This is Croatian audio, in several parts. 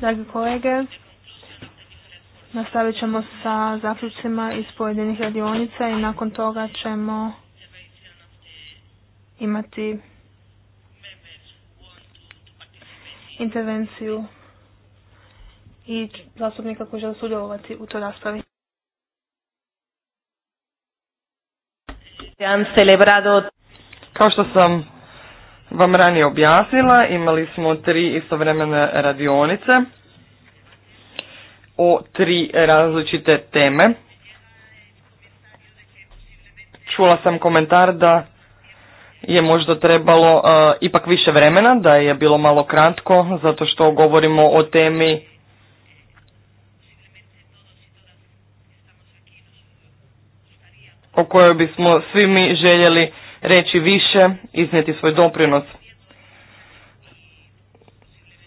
Dragi kolege, nastavit ćemo sa zaključcima iz pojedinih radionica i nakon toga ćemo imati intervenciju i zastupnika koji žele sudjelovati u toj raspravi. Kao što sam vam ranije objasnila, imali smo tri istovremene radionice o tri različite teme. Čula sam komentar da je možda trebalo e, ipak više vremena, da je bilo malo kratko, zato što govorimo o temi o kojoj bismo svi mi željeli reći više, iznijeti svoj doprinos.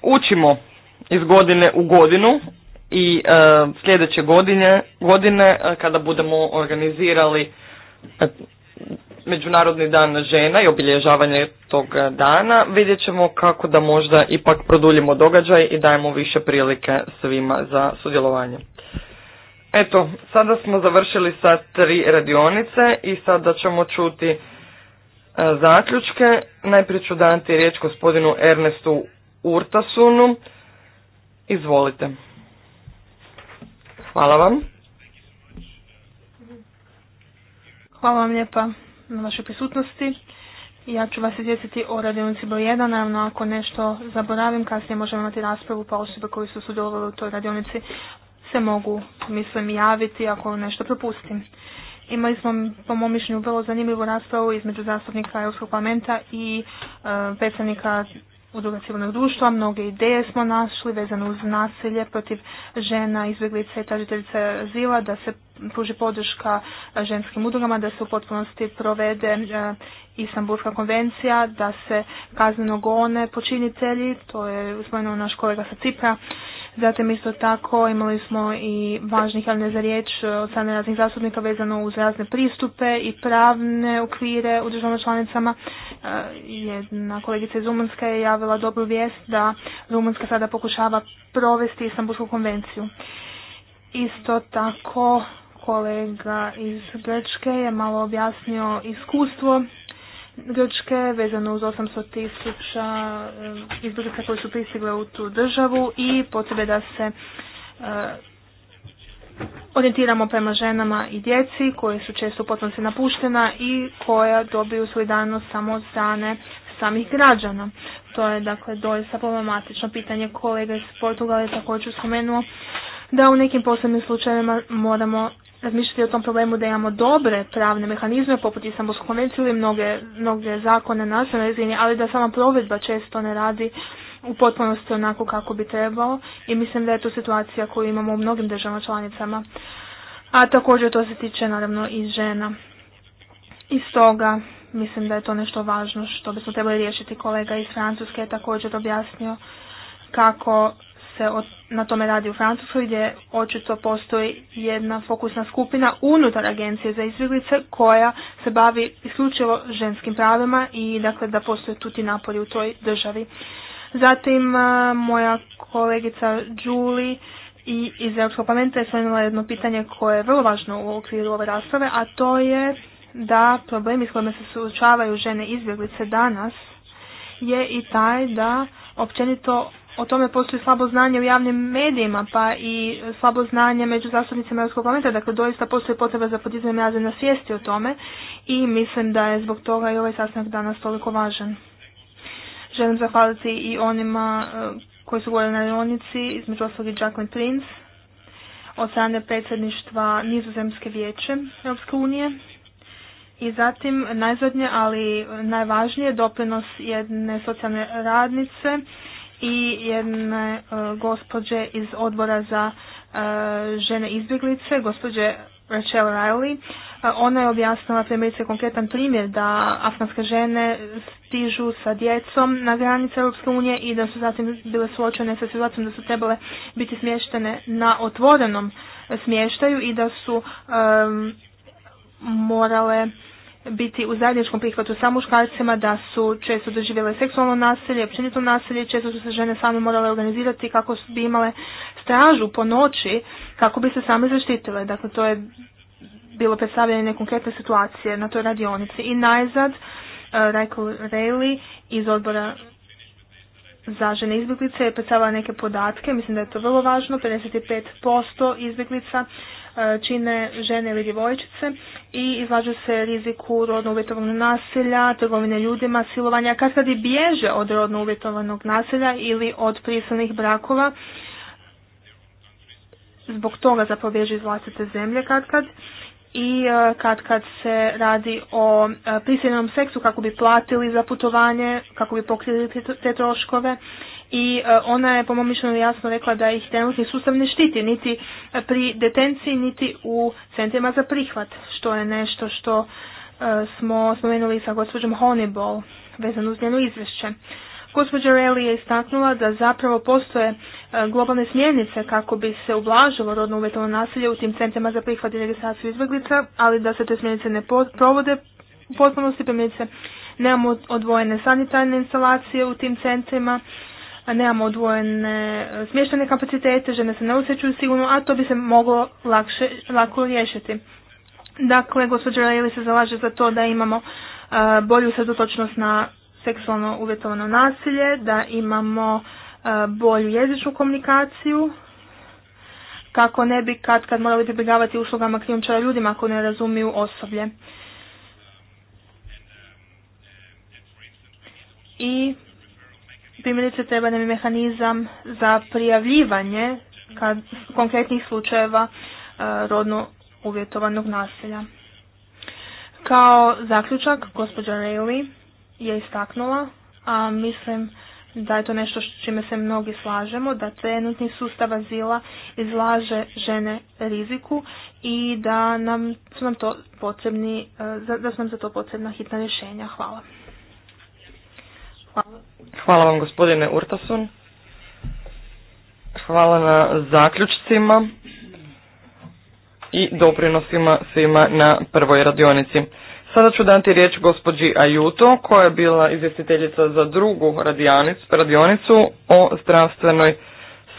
Učimo iz godine u godinu i e, sljedeće godine, e, kada budemo organizirali e, Međunarodni dan žena i obilježavanje tog dana, vidjet ćemo kako da možda ipak produljimo događaj i dajemo više prilike svima za sudjelovanje. Eto, sada smo završili sa tri radionice i sada ćemo čuti E, zaključke. Najprije ću dati riječ gospodinu Ernestu Urtasunu. Izvolite. Hvala vam. Hvala vam lijepa na vašoj prisutnosti. Ja ću vas izvijestiti o radionici broj 1, naravno ako nešto zaboravim, kasnije možemo imati raspravu pa osobe koji su sudjelovali u toj radionici se mogu, mislim, javiti ako nešto propustim. Imali smo, po mom mišljenju, vrlo zanimljivu raspravu između zastupnika Europskog parlamenta i e, predstavnika udruga civilnog društva. Mnoge ideje smo našli vezano uz nasilje protiv žena, izbjeglica i tražiteljica zila, da se pruži podrška ženskim udrugama, da se u potpunosti provede e, Istanbulska konvencija, da se kazneno gone počinitelji, to je spomenuo naš kolega sa Cipra. Zatim isto tako imali smo i važnih javne za riječ e, od strane raznih zastupnika vezano uz razne pristupe i pravne okvire u državama članicama. E, jedna kolegica iz Rumunjske je javila dobru vijest da Rumunjska sada pokušava provesti Istanbulsku konvenciju. Isto tako kolega iz Grčke je malo objasnio iskustvo Grčke vezano uz 800 tisuća eh, izbjeglica koji su pristigle u tu državu i potrebe da se eh, orijentiramo prema ženama i djeci koje su često potom se napuštena i koja dobiju solidarnost samo od strane samih građana. To je dakle doista problematično pitanje kolega iz Portugala je također spomenuo da u nekim posebnim slučajevima moramo razmišljati o tom problemu da imamo dobre pravne mehanizme poput Istanbulsku konvenciju ili mnoge, mnoge zakone na razini, ali da sama provedba često ne radi u potpunosti onako kako bi trebao i mislim da je to situacija koju imamo u mnogim državama članicama. A također to se tiče naravno i žena. I stoga mislim da je to nešto važno što bismo trebali riješiti. Kolega iz Francuske je također objasnio kako se na tome radi u Francuskoj gdje očito postoji jedna fokusna skupina unutar agencije za izbjeglice koja se bavi isključivo ženskim pravima i dakle da postoje tu ti napori u toj državi. Zatim moja kolegica Julie i iz Europskog parlamenta je spomenula jedno pitanje koje je vrlo važno u okviru ove rasprave, a to je da problemi s kojima se suočavaju žene izbjeglice danas je i taj da općenito o tome postoji slabo znanje u javnim medijima, pa i slabo znanje među zastupnicima Europskog parlamenta, dakle doista postoji potreba za podizanje na svijesti o tome i mislim da je zbog toga i ovaj sastanak danas toliko važan. Želim zahvaliti i onima e, koji su govorili na radionici, između ostalog i Jacqueline Prince, od strane predsjedništva Nizozemske vijeće Europske unije. I zatim najzadnje, ali najvažnije, doprinos jedne socijalne radnice i jedne e, gospođe iz odbora za e, žene izbjeglice, gospođe Rachel Riley. E, ona je objasnila primjerice konkretan primjer da afganske žene stižu sa djecom na granice Europske unije i da su zatim bile suočene sa situacijom da su trebale biti smještene na otvorenom smještaju i da su morale biti u zajedničkom prihvatu sa muškarcima, da su često doživjele seksualno nasilje, općenito nasilje, često su se žene same morale organizirati kako bi imale stražu po noći kako bi se same zaštitile. Dakle, to je bilo predstavljanje konkretne situacije na toj radionici. I najzad, e, Rajko Rayleigh iz odbora za žene izbjeglice je predstavila neke podatke, mislim da je to vrlo važno, 55% izbjeglica E, čine žene ili djevojčice i izlažu se riziku rodno uvjetovanog nasilja, trgovine ljudima, silovanja, kad kad i bježe od rodno uvjetovanog nasilja ili od prisilnih brakova, zbog toga zapravo bježe iz vlastite zemlje kad kad i e, kad kad se radi o e, prisilnom seksu kako bi platili za putovanje, kako bi pokrili te troškove i e, ona je po mom mišljenju jasno rekla da ih trenutni sustav ne štiti niti pri detenciji niti u centrima za prihvat, što je nešto što e, smo spomenuli sa gospođom Honeyball vezano uz njeno izvješće. Gospođa Reli je istaknula da zapravo postoje e, globalne smjernice kako bi se ublažilo rodno uvjetovno nasilje u tim centrima za prihvat i registraciju izbjeglica, ali da se te smjernice ne provode u potpunosti, primjerice nemamo odvojene sanitarne instalacije u tim centrima nemamo odvojene e, smještene kapacitete, žene se ne osjećaju sigurno, a to bi se moglo lakše, lako riješiti. Dakle, gospođa Rejli se zalaže za to da imamo e, bolju sredotočnost na seksualno uvjetovano nasilje, da imamo e, bolju jezičnu komunikaciju, kako ne bi kad kad morali pribjegavati uslugama krijumčara ljudima ako ne razumiju osoblje. I primjerice treba nam mehanizam za prijavljivanje kad, konkretnih slučajeva e, rodno uvjetovanog nasilja. Kao zaključak, gospođa Rayleigh je istaknula, a mislim da je to nešto s čime se mnogi slažemo, da trenutni sustav azila izlaže žene riziku i da nam su nam to potrebni, e, da su nam za to potrebna hitna rješenja. Hvala. Hvala. Hvala vam gospodine Urtasun. Hvala na zaključcima i doprinosima svima na prvoj radionici. Sada ću dati riječ gospođi Ajuto koja je bila izvjestiteljica za drugu radionicu radionicu o zdravstvenoj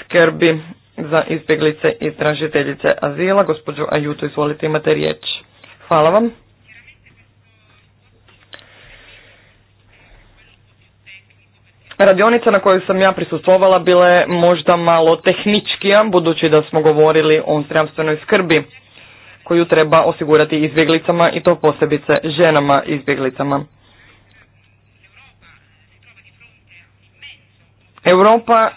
skrbi za izbjeglice i tražiteljice azila. Gospođo Ajuto, izvolite, imate riječ. Hvala vam. Radionica na kojoj sam ja prisustvovala bila je možda malo tehničkija, budući da smo govorili o zdravstvenoj skrbi koju treba osigurati izbjeglicama i to posebice ženama izbjeglicama. Europa eh,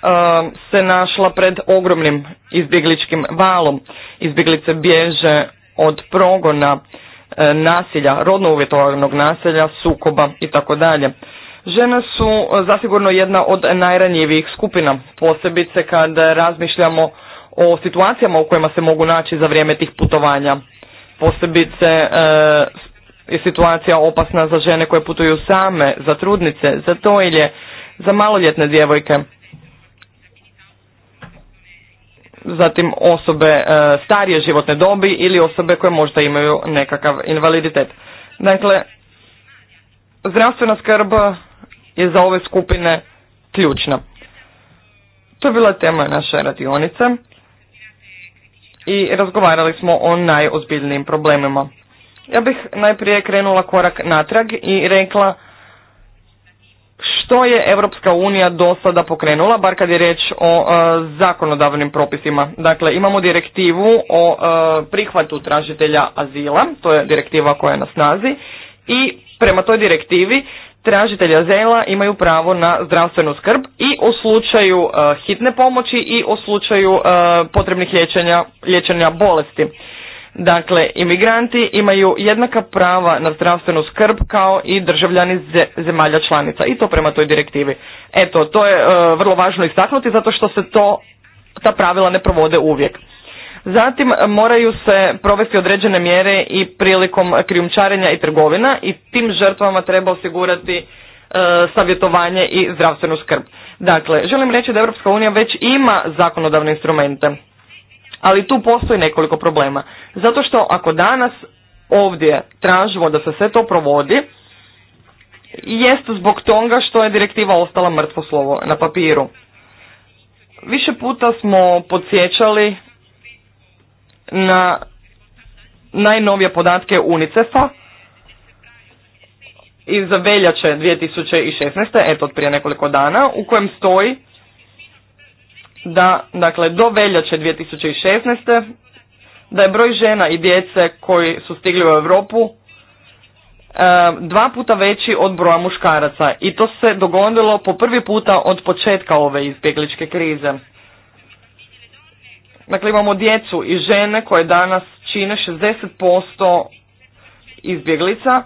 se našla pred ogromnim izbjegličkim valom. Izbjeglice bježe od progona, eh, nasilja, rodno uvjetovanog nasilja, sukoba i tako dalje. Žene su e, zasigurno jedna od najranjivijih skupina, posebice kada razmišljamo o situacijama u kojima se mogu naći za vrijeme tih putovanja. Posebice e, je situacija opasna za žene koje putuju same, za trudnice, za je, za maloljetne djevojke. Zatim osobe e, starije životne dobi ili osobe koje možda imaju nekakav invaliditet. Dakle, zdravstvena skrb je za ove skupine ključna. To je bila tema naše radionice i razgovarali smo o najozbiljnijim problemima. Ja bih najprije krenula korak natrag i rekla što je Europska unija do sada pokrenula, bar kad je riječ o e, zakonodavnim propisima. Dakle, imamo direktivu o e, prihvatu tražitelja azila, to je direktiva koja je na snazi, i prema toj direktivi tražitelji azela imaju pravo na zdravstvenu skrb i u slučaju e, hitne pomoći i u slučaju e, potrebnih liječenja, liječenja bolesti. Dakle, imigranti imaju jednaka prava na zdravstvenu skrb kao i državljani zemalja članica i to prema toj direktivi. Eto, to je e, vrlo važno istaknuti zato što se to ta pravila ne provode uvijek. Zatim e, moraju se provesti određene mjere i prilikom krijumčarenja i trgovina i tim žrtvama treba osigurati e, savjetovanje i zdravstvenu skrb. Dakle, želim reći da Europska unija već ima zakonodavne instrumente, ali tu postoji nekoliko problema. Zato što ako danas ovdje tražimo da se sve to provodi, jest zbog toga što je direktiva ostala mrtvo slovo na papiru. Više puta smo podsjećali na najnovije podatke UNICEF-a iz veljače 2016. eto prije nekoliko dana u kojem stoji da dakle do veljače 2016. da je broj žena i djece koji su stigli u Europu e, dva puta veći od broja muškaraca i to se dogodilo po prvi puta od početka ove izbjegličke krize. Dakle, imamo djecu i žene koje danas čine 60% izbjeglica,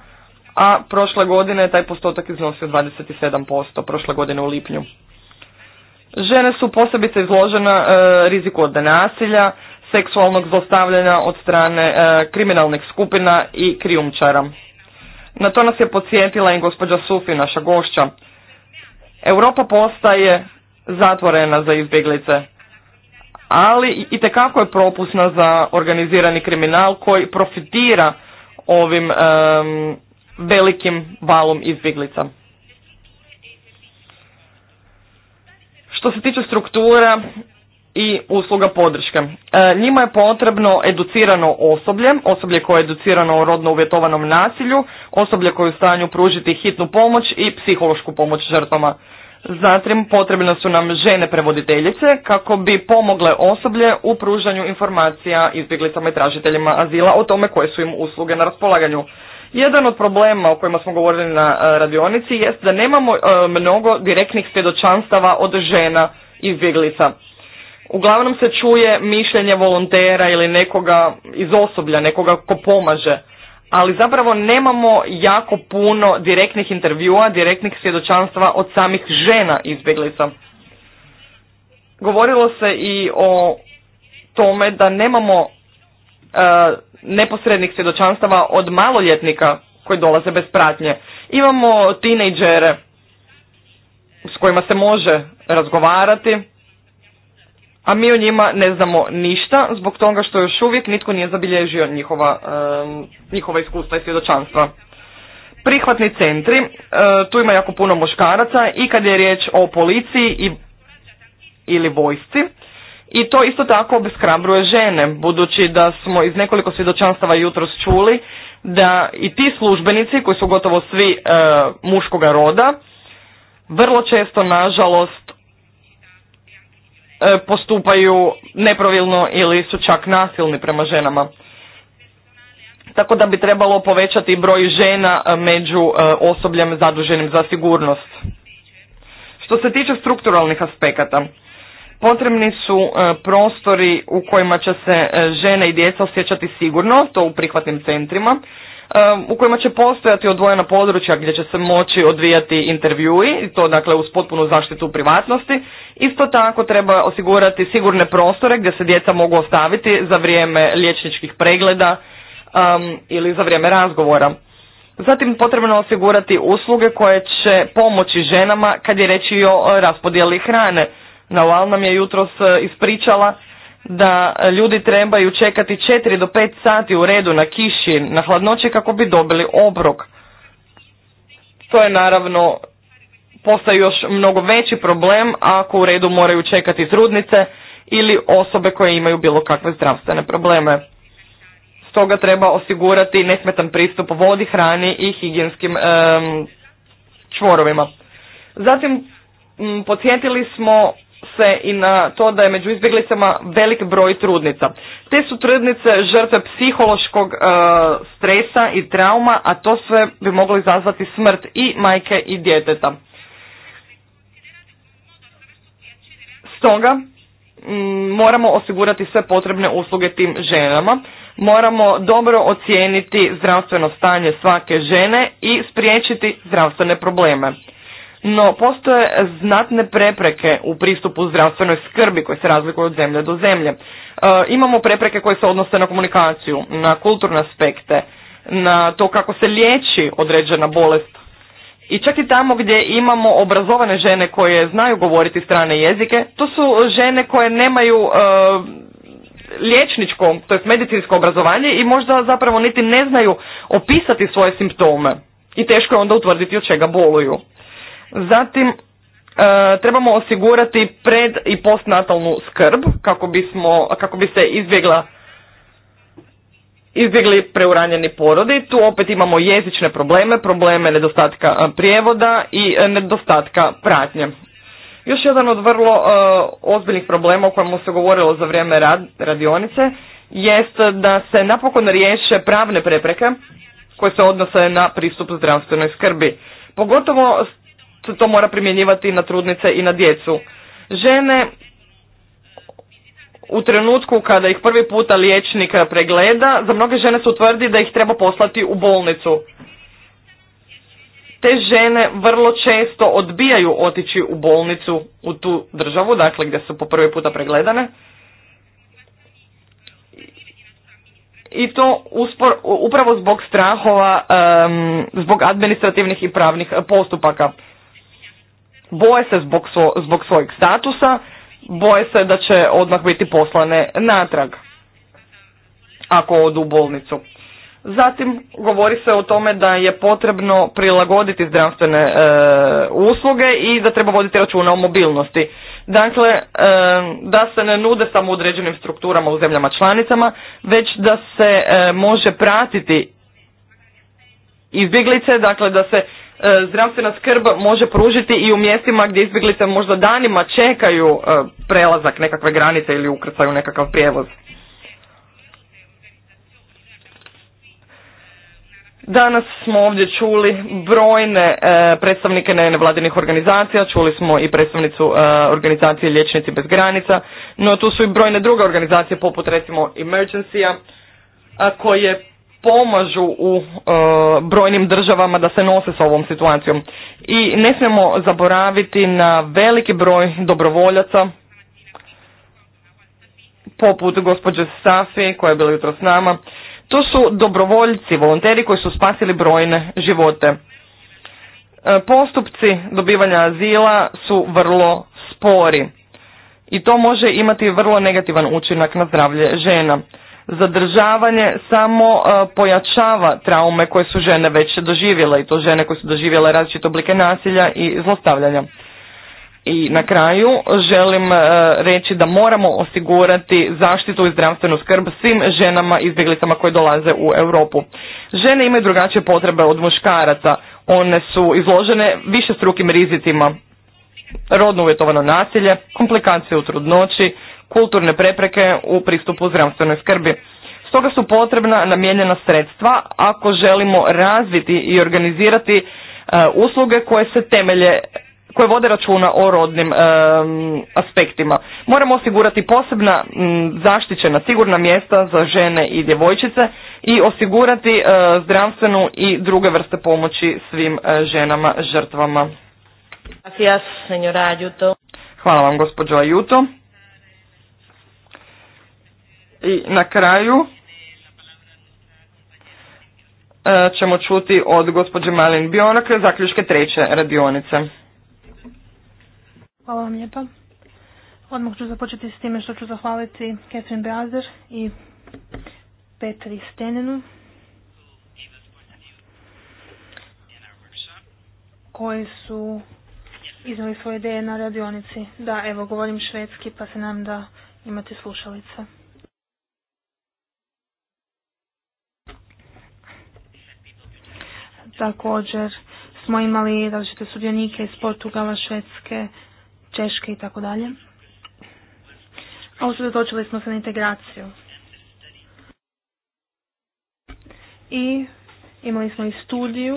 a prošle godine je taj postotak iznosio 27%, prošle godine u lipnju. Žene su posebice izložene e, riziku od nasilja, seksualnog zlostavljanja od strane e, kriminalnih skupina i krijumčara. Na to nas je podsjetila i gospođa Sufi, naša gošća. Europa postaje zatvorena za izbjeglice ali i tekako je propusna za organizirani kriminal koji profitira ovim velikim valom izbjeglica. Što se tiče struktura i usluga podrške. E, njima je potrebno educirano osoblje, osoblje koje je educirano o rodno uvjetovanom nasilju, osoblje koje je u stanju pružiti hitnu pomoć i psihološku pomoć žrtvama. Zatim potrebne su nam žene prevoditeljice kako bi pomogle osoblje u pružanju informacija izbjeglicama i tražiteljima azila o tome koje su im usluge na raspolaganju. Jedan od problema o kojima smo govorili na e, radionici jest da nemamo e, mnogo direktnih svjedočanstava od žena izbjeglica. Uglavnom se čuje mišljenje volontera ili nekoga iz osoblja, nekoga ko pomaže ali zapravo nemamo jako puno direktnih intervjua, direktnih svjedočanstva od samih žena izbjeglica. Govorilo se i o tome da nemamo e, neposrednih svjedočanstava od maloljetnika koji dolaze bez pratnje. Imamo tinejdžere s kojima se može razgovarati, a mi o njima ne znamo ništa zbog toga što još uvijek nitko nije zabilježio njihova, njihova iskustva i svjedočanstva. Prihvatni centri, e, tu ima jako puno muškaraca i kad je riječ o policiji i, ili vojsci, i to isto tako obeshrabruje žene, budući da smo iz nekoliko svjedočanstava jutros čuli da i ti službenici koji su gotovo svi e, muškoga roda, vrlo često nažalost E, postupaju nepravilno ili su čak nasilni prema ženama. Tako da bi trebalo povećati broj žena e, među e, osobljem zaduženim za sigurnost. Što se tiče strukturalnih aspekata, potrebni su prostori u kojima će se žene i djeca osjećati sigurno, to u prihvatnim centrima, u kojima će postojati odvojena područja gdje će se moći odvijati intervjui i to dakle uz potpunu zaštitu privatnosti. Isto tako treba osigurati sigurne prostore gdje se djeca mogu ostaviti za vrijeme liječničkih pregleda um, ili za vrijeme razgovora. Zatim potrebno osigurati usluge koje će pomoći ženama kad je reći o e, raspodjeli hrane. Naval nam je jutros e, ispričala da ljudi trebaju čekati 4 do 5 sati u redu na kiši, na hladnoći kako bi dobili obrok. To je naravno postaje još mnogo veći problem ako u redu moraju čekati trudnice ili osobe koje imaju bilo kakve zdravstvene probleme. Stoga treba osigurati nesmetan pristup vodi, hrani i higijenskim čvorovima. Zatim, podsjetili smo se i na to da je među izbjeglicama velik broj trudnica. Te su trudnice žrtve psihološkog e, stresa i trauma, a to sve bi moglo izazvati smrt i majke i djeteta. Stoga mm, moramo osigurati sve potrebne usluge tim ženama, moramo dobro ocijeniti zdravstveno stanje svake žene i spriječiti zdravstvene probleme no postoje znatne prepreke u pristupu zdravstvenoj skrbi koje se razlikuju od zemlje do zemlje. E, imamo prepreke koje se odnose na komunikaciju, na kulturne aspekte, na to kako se liječi određena bolest. I čak i tamo gdje imamo obrazovane žene koje znaju govoriti strane jezike, to su žene koje nemaju e, liječničko, to je medicinsko obrazovanje i možda zapravo niti ne znaju opisati svoje simptome. I teško je onda utvrditi od čega boluju. Zatim, e, trebamo osigurati pred i postnatalnu skrb kako, bismo, kako bi se izbjegla izbjegli preuranjeni porodi. Tu opet imamo jezične probleme, probleme nedostatka e, prijevoda i e, nedostatka pratnje. Još jedan od vrlo ozbiljnih problema o kojemu se govorilo za vrijeme radionice jest da se napokon riješe pravne prepreke koje se odnose na pristup zdravstvenoj skrbi. Pogotovo to mora primjenjivati na trudnice i na djecu. Žene u trenutku kada ih prvi puta liječnik pregleda, za mnoge žene se utvrdi da ih treba poslati u bolnicu. Te žene vrlo često odbijaju otići u bolnicu u tu državu, dakle gdje su po prvi puta pregledane. I to uspor, upravo zbog strahova, zbog administrativnih i pravnih postupaka boje se zbog, zbog svojeg statusa, boje se da će odmah biti poslane natrag ako odu u bolnicu. Zatim govori se o tome da je potrebno prilagoditi zdravstvene e, usluge i da treba voditi računa o mobilnosti. Dakle, e, da se ne nude samo određenim strukturama u zemljama članicama, već da se e, može pratiti izbjeglice, dakle da se E, zdravstvena skrb može pružiti i u mjestima gdje izbjeglice možda danima čekaju e, prelazak nekakve granice ili ukrcaju nekakav prijevoz. Danas smo ovdje čuli brojne e, predstavnike nevladinih organizacija, čuli smo i predstavnicu organizacije Liječnici bez granica, no tu su i brojne druge organizacije poput recimo Emergencija koje pomažu u e, brojnim državama da se nose s ovom situacijom. I ne smijemo zaboraviti na veliki broj dobrovoljaca poput gospođe Safi koja je bila jutro s nama. To su dobrovoljci, volonteri koji su spasili brojne živote. E, postupci dobivanja azila su vrlo spori i to može imati vrlo negativan učinak na zdravlje žena zadržavanje samo e, pojačava traume koje su žene već doživjele i to žene koje su doživjele različite oblike nasilja i zlostavljanja. I na kraju želim e, reći da moramo osigurati zaštitu i zdravstvenu skrb svim ženama izbjeglicama koje dolaze u Europu. Žene imaju drugačije potrebe od muškaraca. One su izložene više strukim rizicima. Rodno uvjetovano nasilje, komplikacije u trudnoći, kulturne prepreke u pristupu zdravstvenoj skrbi. Stoga su potrebna namijenjena sredstva ako želimo razviti i organizirati e, usluge koje se temelje koje vode računa o rodnim e, aspektima. Moramo osigurati posebna zaštićena sigurna mjesta za žene i djevojčice i osigurati e, zdravstvenu i druge vrste pomoći svim ženama žrtvama. Hvala vam gospođo Ajuto. I na kraju e, ćemo čuti od gospođe Malin Bionak zaključke treće radionice. Hvala vam lijepa. Odmah ću započeti s time što ću zahvaliti Catherine Beazer i Petri Stenenu koji su iznali svoje ideje na radionici. Da, evo, govorim švedski pa se nam da imate slušalice. Također smo imali različite sudionike iz Portugala, Švedske, Češke i tako dalje. A usredotočili smo se na integraciju. I imali smo i studiju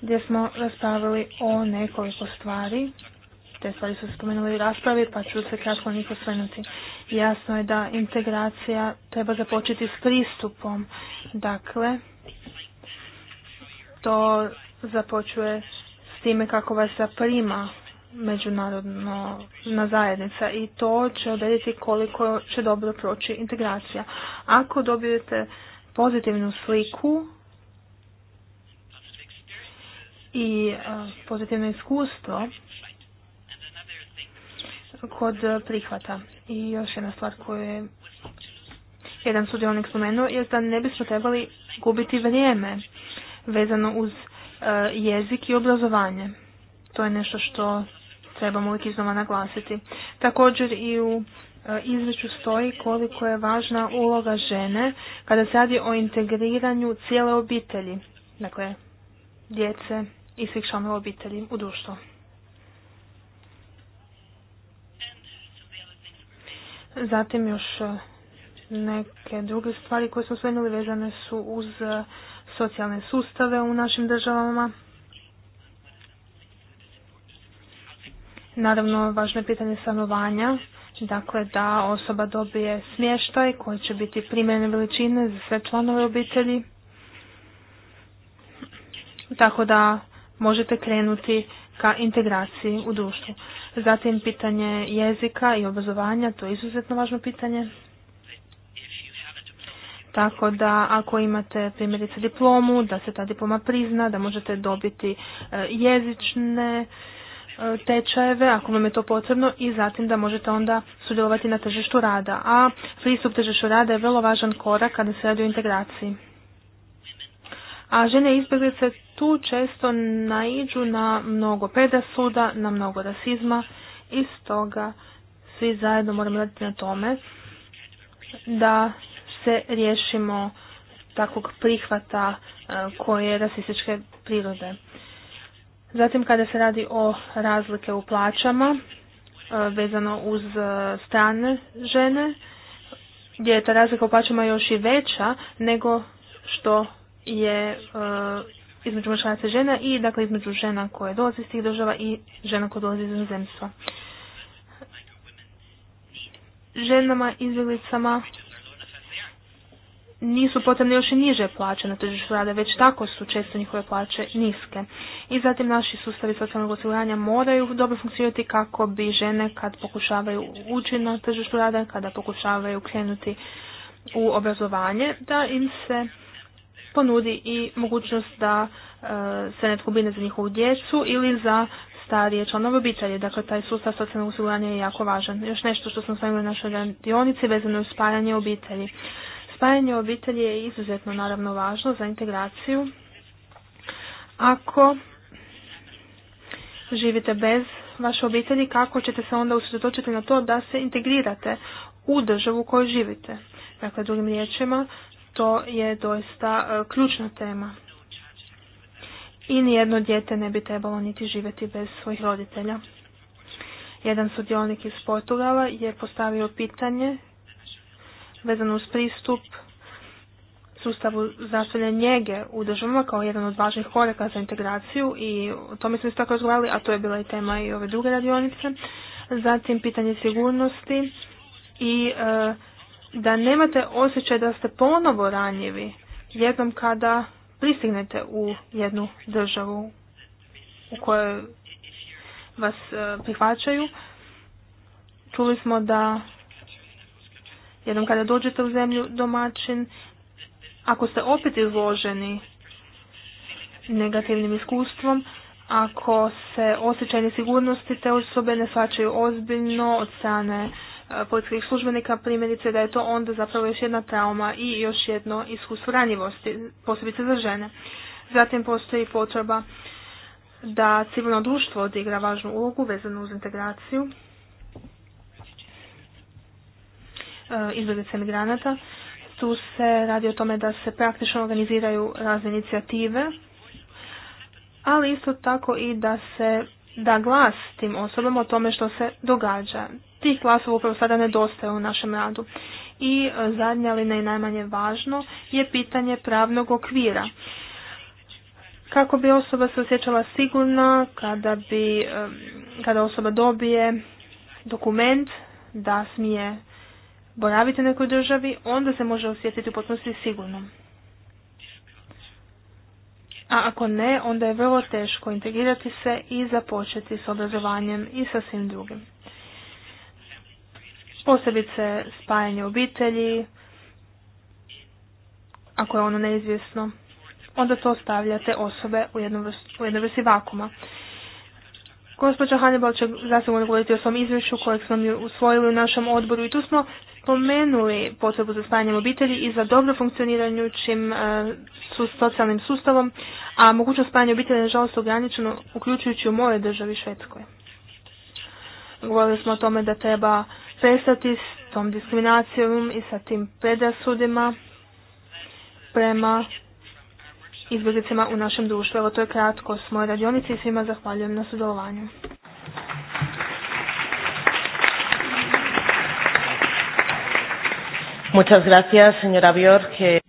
gdje smo raspravili o nekoliko stvari. Te stvari su spomenuli u raspravi, pa ću se kratko njih osvrnuti. Jasno je da integracija treba započeti s pristupom. Dakle, to započuje s time kako vas zaprima međunarodno zajednica i to će odrediti koliko će dobro proći integracija. Ako dobijete pozitivnu sliku i pozitivno iskustvo kod prihvata. I još jedna stvar koju je jedan sudionik spomenuo je da ne bismo trebali gubiti vrijeme vezano uz e, jezik i obrazovanje. To je nešto što trebamo uvijek iznova naglasiti. Također i u e, izveću stoji koliko je važna uloga žene kada se radi o integriranju cijele obitelji, dakle djece i svih članova obitelji u društvo. Zatim još e, neke druge stvari koje su spomenuli vezane su uz e, socijalne sustave u našim državama. Naravno, važno je pitanje stanovanja, dakle da osoba dobije smještaj koji će biti primjene veličine za sve članove obitelji. Tako da možete krenuti ka integraciji u društvu. Zatim pitanje jezika i obrazovanja, to je izuzetno važno pitanje. Tako da ako imate primjerice diplomu, da se ta diploma prizna, da možete dobiti e, jezične e, tečajeve ako vam je to potrebno i zatim da možete onda sudjelovati na tržištu rada. A pristup tržištu rada je vrlo važan korak kada se radi o integraciji. A žene izbjeglice tu često naiđu na mnogo predasuda, na mnogo rasizma i stoga svi zajedno moramo raditi na tome da se riješimo takvog prihvata e, koje je rasističke prirode. Zatim kada se radi o razlike u plaćama e, vezano uz e, strane žene, gdje je ta razlika u plaćama još i veća nego što je između muškaraca i žena i dakle između žena koje dolaze iz tih država i žena koje dolaze iz inozemstva. Ženama izbjeglicama nisu potrebne još i niže plaće na tržištu rada, već tako su često njihove plaće niske. I zatim naši sustavi socijalnog osiguranja moraju dobro funkcionirati kako bi žene kad pokušavaju ući na tržištu rada, kada pokušavaju krenuti u obrazovanje, da im se ponudi i mogućnost da e, se netko brine za njihovu djecu ili za starije članove obitelji. Dakle, taj sustav socijalnog osiguranja je jako važan. Još nešto što smo stavili u našoj radionici vezano je spajanje obitelji. Spajanje obitelji je izuzetno naravno važno za integraciju. Ako živite bez vaše obitelji, kako ćete se onda usredotočiti na to da se integrirate u državu u kojoj živite. Dakle, drugim riječima, to je doista e, ključna tema. I nijedno dijete ne bi trebalo niti živjeti bez svojih roditelja. Jedan sudionik iz Portugala je postavio pitanje vezano uz pristup sustavu zdravstvene njege u državama kao jedan od važnih koraka za integraciju i o tome smo isto tako razgovarali, a to je bila i tema i ove druge radionice. Zatim pitanje sigurnosti i e, da nemate osjećaj da ste ponovo ranjivi jednom kada pristignete u jednu državu u kojoj vas e, prihvaćaju. Čuli smo da jednom kada dođete u zemlju domaćin, ako ste opet izloženi negativnim iskustvom, ako se osjećaj sigurnosti te osobe ne svačaju ozbiljno od strane policijskih službenika primjerice da je to onda zapravo još jedna trauma i još jedno iskustvo ranjivosti, posebice za žene. Zatim postoji potreba da civilno društvo odigra važnu ulogu vezanu uz integraciju izbjeglica emigranata. Tu se radi o tome da se praktično organiziraju razne inicijative, ali isto tako i da se da glas tim osobama o tome što se događa tih glasova upravo sada nedostaje u našem radu. I e, zadnja, ali ne najmanje važno, je pitanje pravnog okvira. Kako bi osoba se osjećala sigurno kada, bi, e, kada osoba dobije dokument da smije boraviti u nekoj državi, onda se može osjetiti u potpunosti sigurno. A ako ne, onda je vrlo teško integrirati se i započeti s obrazovanjem i sa svim drugim posebice spajanje obitelji, ako je ono neizvjesno, onda to stavljate osobe u jednoj vrsti, vakuma. Gospođa Hannibal će zasigurno govoriti o svom izvješću kojeg smo usvojili u našem odboru i tu smo spomenuli potrebu za spajanjem obitelji i za dobro funkcionirajućim e, su, socijalnim sustavom, a mogućnost spajanja obitelji je nažalost ograničeno uključujući u mojoj državi Švedskoj. Govorili smo o tome da treba prestati s tom diskriminacijom i sa tim predrasudima prema izbjeglicama u našem društvu. Evo to je kratko s moje radionice i svima zahvaljujem na sudjelovanju. Muchas gracias, señora Bjork.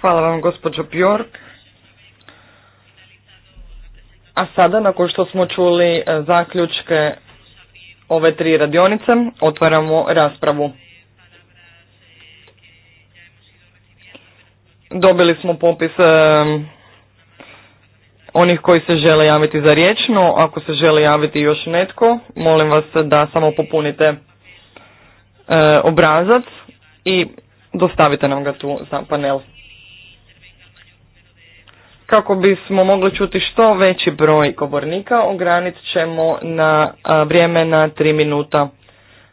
Hvala vam, gospođo Bjork. A sada, nakon što smo čuli e, zaključke ove tri radionice otvaramo raspravu. Dobili smo popis onih koji se žele javiti za riječ, no ako se žele javiti još netko, molim vas da samo popunite eh, obrazac i dostavite nam ga tu za panel kako bismo mogli čuti što veći broj govornika, ogranit ćemo na vrijeme na tri minuta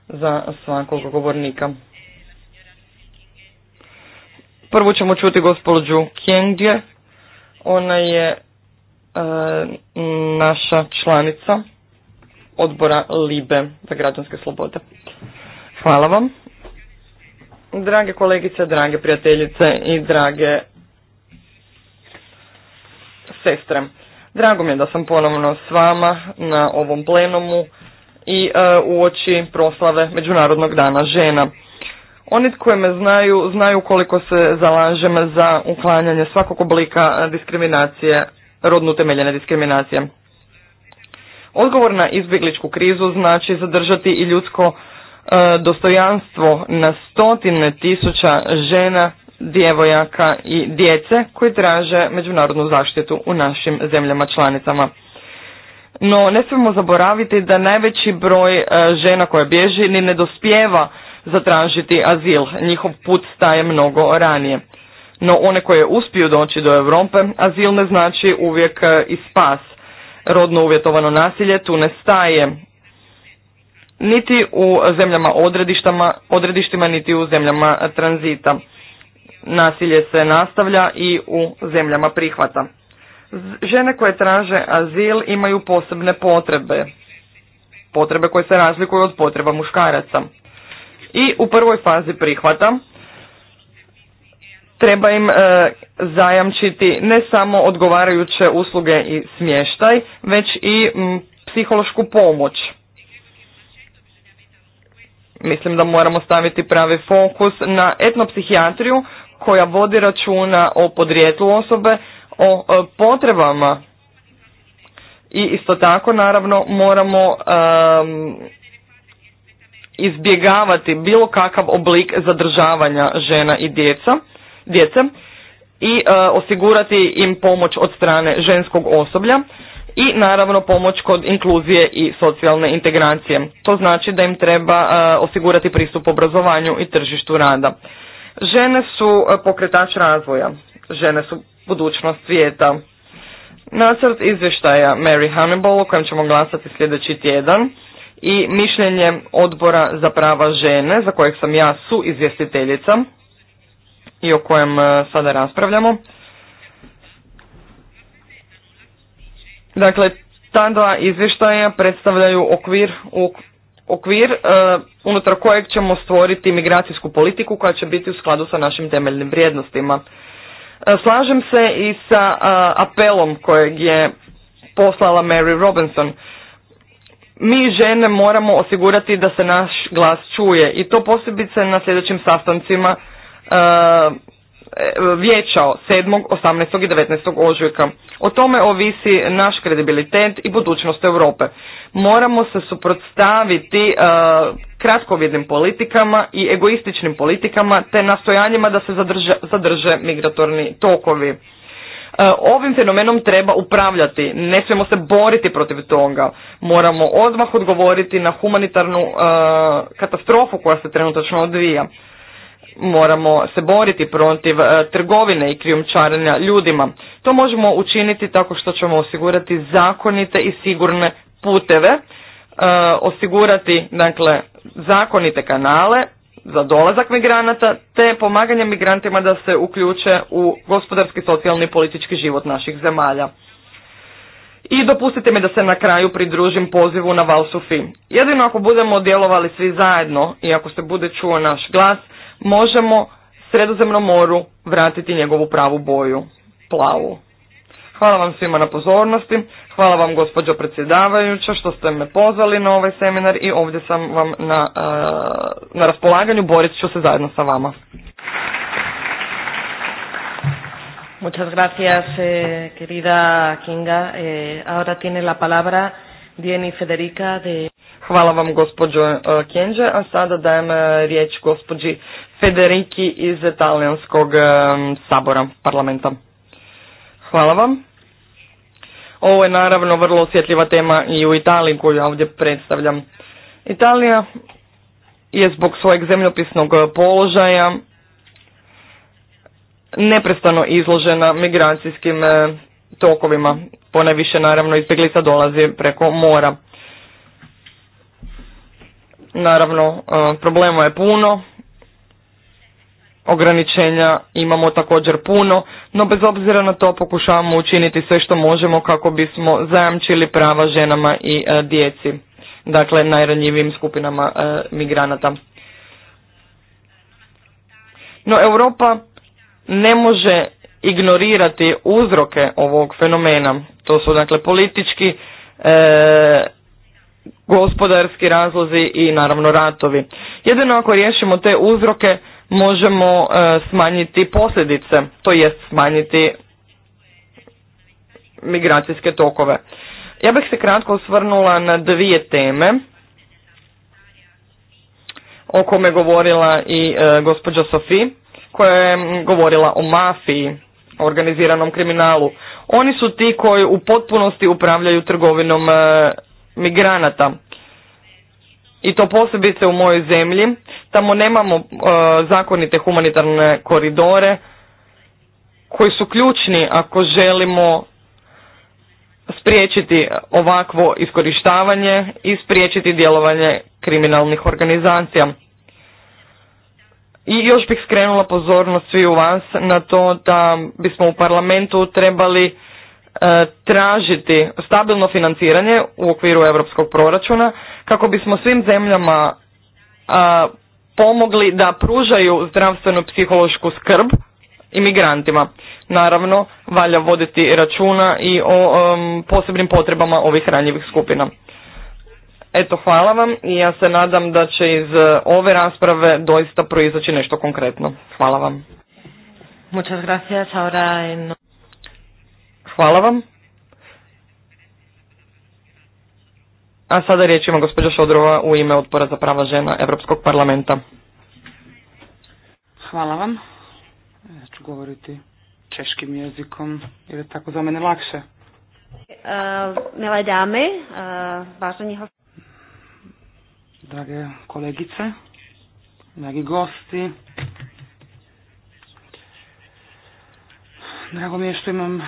za svakog govornika. Prvo ćemo čuti gospođu Kjengdje, ona je naša članica odbora LIBE za građanske slobode. Hvala vam. Drage kolegice, drage prijateljice i drage sestre. Drago mi je da sam ponovno s vama na ovom plenumu i e, uoči proslave Međunarodnog dana žena. Oni koje me znaju, znaju koliko se zalažem za uklanjanje svakog oblika e, diskriminacije, rodno utemeljene diskriminacije. Odgovor na izbjegličku krizu znači zadržati i ljudsko e, dostojanstvo na stotine tisuća žena djevojaka i djece koji traže međunarodnu zaštitu u našim zemljama članicama. No ne smijemo zaboraviti da najveći broj e, žena koja bježi ni ne dospijeva zatražiti azil. Njihov put staje mnogo ranije. No one koje uspiju doći do Europe, azil ne znači uvijek e, i spas. Rodno uvjetovano nasilje tu ne staje niti u zemljama odredištima, niti u zemljama tranzita. Nasilje se nastavlja i u zemljama prihvata. Žene koje traže azil imaju posebne potrebe, potrebe koje se razlikuju od potreba muškaraca. I u prvoj fazi prihvata treba im e, zajamčiti ne samo odgovarajuće usluge i smještaj, već i psihološku pomoć. Mislim da moramo staviti pravi fokus na etnopsihijatriju koja vodi računa o podrijetlu osobe, o e, potrebama i isto tako naravno moramo izbjegavati bilo kakav oblik zadržavanja žena i djeca, djece i e, osigurati im pomoć od strane ženskog osoblja i naravno pomoć kod inkluzije i socijalne integracije. To znači da im treba e, osigurati pristup obrazovanju i tržištu rada. Žene su e, pokretač razvoja, žene su budućnost svijeta. Nacrt izvještaja Mary Hannibal o kojem ćemo glasati sljedeći tjedan i mišljenje odbora za prava žene za kojeg sam ja su izvjestiteljica i o kojem e, sada raspravljamo. Dakle, ta dva izvještaja predstavljaju okvir u okvir uh, unutar kojeg ćemo stvoriti migracijsku politiku koja će biti u skladu sa našim temeljnim vrijednostima. Uh, slažem se i sa e, apelom kojeg je poslala Mary Robinson. Mi žene moramo osigurati da se naš glas čuje i to posebice na sljedećim sastancima vijeća 7., 18. i 19. ožujka. O tome ovisi naš kredibilitet i budućnost Europe moramo se suprotstaviti e, kratkovidnim politikama i egoističnim politikama te nastojanjima da se zadrže, migratorni tokovi. E, ovim fenomenom treba upravljati, ne smijemo se boriti protiv toga. Moramo odmah odgovoriti na humanitarnu e, katastrofu koja se trenutačno odvija. Moramo se boriti protiv trgovine i krijumčarenja ljudima. To možemo učiniti tako što ćemo osigurati zakonite i sigurne puteve, e, osigurati dakle zakonite kanale za dolazak migranata te pomaganje migrantima da se uključe u gospodarski, socijalni i politički život naših zemalja. I dopustite mi da se na kraju pridružim pozivu na Fin. Jedino ako budemo djelovali svi zajedno i ako se bude čuo naš glas, možemo Sredozemnom moru vratiti njegovu pravu boju, plavu. Hvala vam svima na pozornosti. Hvala vam gospođo predsjedavajuća što ste me pozvali na ovaj seminar i ovdje sam vam na, e, na raspolaganju. Borit ću se zajedno sa vama. Muchas gracias, eh, querida Kinga. Eh, ahora tiene la palabra Dieni Federica de... Hvala vam, gospođo e, Kenđe. A sada dajem e, riječ gospođi Federiki iz Talijanskog sabora parlamenta. Hvala vam. Ovo je naravno vrlo osjetljiva tema i u Italiji koju ja ovdje predstavljam. Italija je zbog svojeg zemljopisnog e, položaja neprestano izložena migracijskim e, tokovima. Ponajviše naravno izbjeglica dolazi preko mora. Naravno e, problema je puno, Ograničenja imamo također puno, no bez obzira na to pokušavamo učiniti sve što možemo kako bismo zajamčili prava ženama i e, djeci, dakle najranjivijim skupinama e, migranata. No Europa ne može ignorirati uzroke ovog fenomena. To su dakle politički, e, gospodarski razlozi i naravno ratovi. Jedino ako riješimo te uzroke možemo e, smanjiti posljedice, to jest smanjiti migracijske tokove. Ja bih se kratko osvrnula na dvije teme o kome je govorila i e, gospođa Sofi koja je govorila o mafiji, organiziranom kriminalu. Oni su ti koji u potpunosti upravljaju trgovinom e, migranata i to posebice u mojoj zemlji. Tamo nemamo e, zakonite humanitarne koridore koji su ključni ako želimo spriječiti ovakvo iskorištavanje i spriječiti djelovanje kriminalnih organizacija. I još bih skrenula pozornost u vas na to da bismo u parlamentu trebali E, tražiti stabilno financiranje u okviru europskog proračuna kako bismo svim zemljama e, pomogli da pružaju zdravstvenu psihološku skrb imigrantima. Naravno, valja voditi računa i o posebnim potrebama ovih ranjivih skupina. Eto, hvala vam i ja se nadam da će iz e, ove rasprave doista proizaći nešto konkretno. Hvala vam. Muchas gracias. Ahora en... Hvala vam. A sada riječ ima gospođa Šodrova u ime odbora za prava žena Europskog parlamenta. Hvala vam. Ja ću govoriti češkim jezikom jer je tako za mene lakše. Eh, Mile dame, eh, važno Drage kolegice, dragi gosti, drago mi je što imam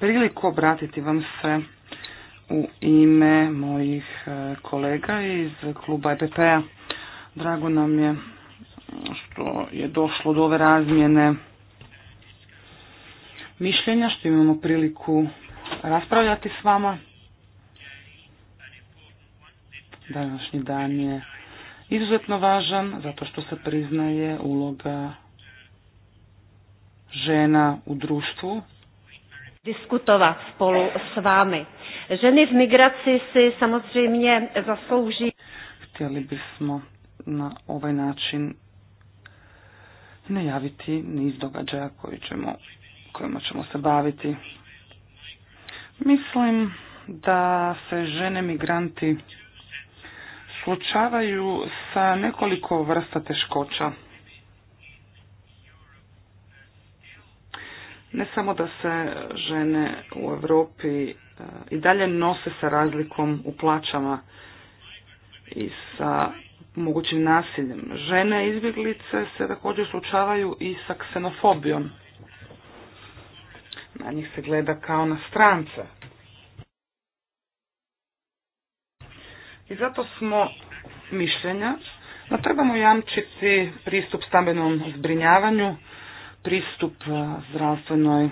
priliku obratiti vam se u ime mojih e, kolega iz kluba EPP-a. Drago nam je što je došlo do ove razmjene mišljenja, što imamo priliku raspravljati s vama. Današnji dan je izuzetno važan zato što se priznaje uloga žena u društvu diskutovat spolu s vámi. Ženy v migraci si samozřejmě zaslouží. Htjeli bismo na ovaj način najaviti niz događaja koji kojima ćemo se baviti. Mislim da se žene migranti slučavaju sa nekoliko vrsta teškoća. ne samo da se žene u Europi e, i dalje nose sa razlikom u plaćama i sa mogućim nasiljem. Žene izbjeglice se također slučavaju i sa ksenofobijom. Na njih se gleda kao na strance. I zato smo mišljenja da trebamo jamčiti pristup stambenom zbrinjavanju pristup e, zdravstvenoj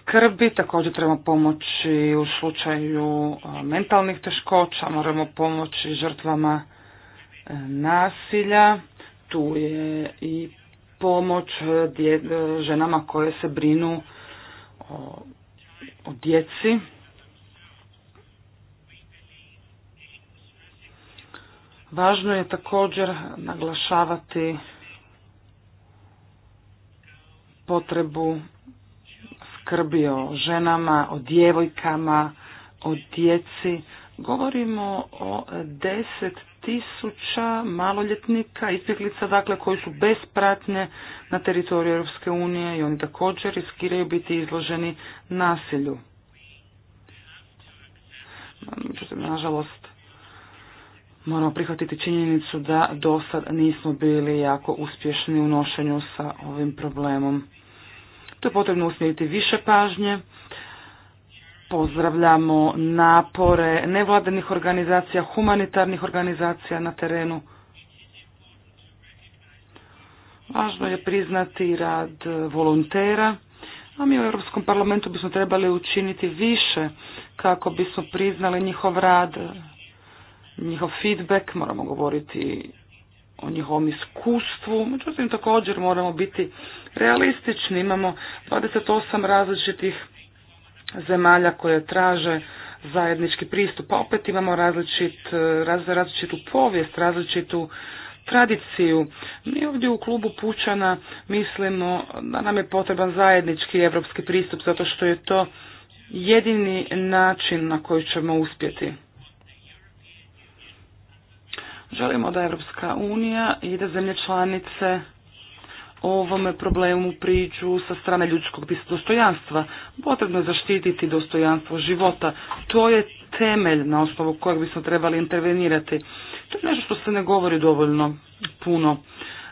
skrbi. Također trebamo pomoći u slučaju e, mentalnih teškoća, moramo pomoći žrtvama e, nasilja. Tu je i pomoć ženama koje se brinu o, o djeci. Važno je također naglašavati potrebu skrbi o ženama, o djevojkama, o djeci. Govorimo o deset tisuća maloljetnika, izbjeglica, dakle, koji su bespratne na teritoriju Europske unije i oni također riskiraju biti izloženi nasilju. Međutim, nažalost, moramo prihvatiti činjenicu da do sad nismo bili jako uspješni u nošenju sa ovim problemom. To je potrebno usmjeriti više pažnje. Pozdravljamo napore nevladenih organizacija, humanitarnih organizacija na terenu. Važno je priznati rad volontera, a mi u Europskom parlamentu bismo trebali učiniti više kako bismo priznali njihov rad, njihov feedback, moramo govoriti o njihovom iskustvu, međutim također moramo biti realistični, imamo 28 različitih zemalja koje traže zajednički pristup, pa opet imamo različitu povijest, različitu tradiciju. Mi ovdje u klubu Pučana mislimo da nam je potreban zajednički evropski pristup zato što je to jedini način na koji ćemo uspjeti. Želimo da Evropska unija i da zemlje članice ovome problemu priču sa strane ljudskog dostojanstva. Potrebno je zaštititi dostojanstvo života. To je temelj na osnovu kojeg bismo trebali intervenirati. To je nešto što se ne govori dovoljno puno.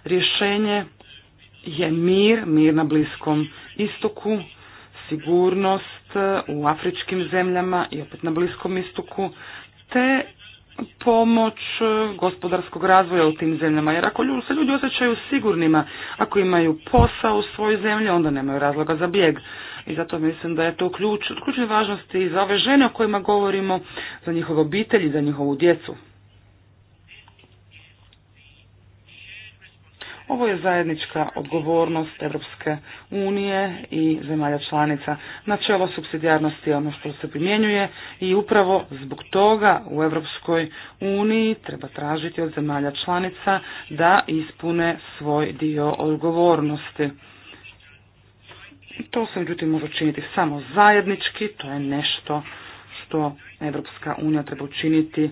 Rješenje je mir, mir na Bliskom istoku, sigurnost u afričkim zemljama i opet na Bliskom istoku, te pomoć e, gospodarskog razvoja u tim zemljama. Jer ako se ljudi osjećaju sigurnima, ako imaju posao u svojoj zemlji, onda nemaju razloga za bijeg. I zato mislim da je to ključ, ključne važnosti i za ove žene o kojima govorimo, za njihove obitelji, za njihovu djecu. Ovo je zajednička odgovornost Europske unije i zemalja članica. Načelo subsidijarnosti je ono što se primjenjuje i upravo zbog toga u Europskoj uniji treba tražiti od zemalja članica da ispune svoj dio odgovornosti. To se međutim može učiniti samo zajednički, to je nešto što Europska unija treba učiniti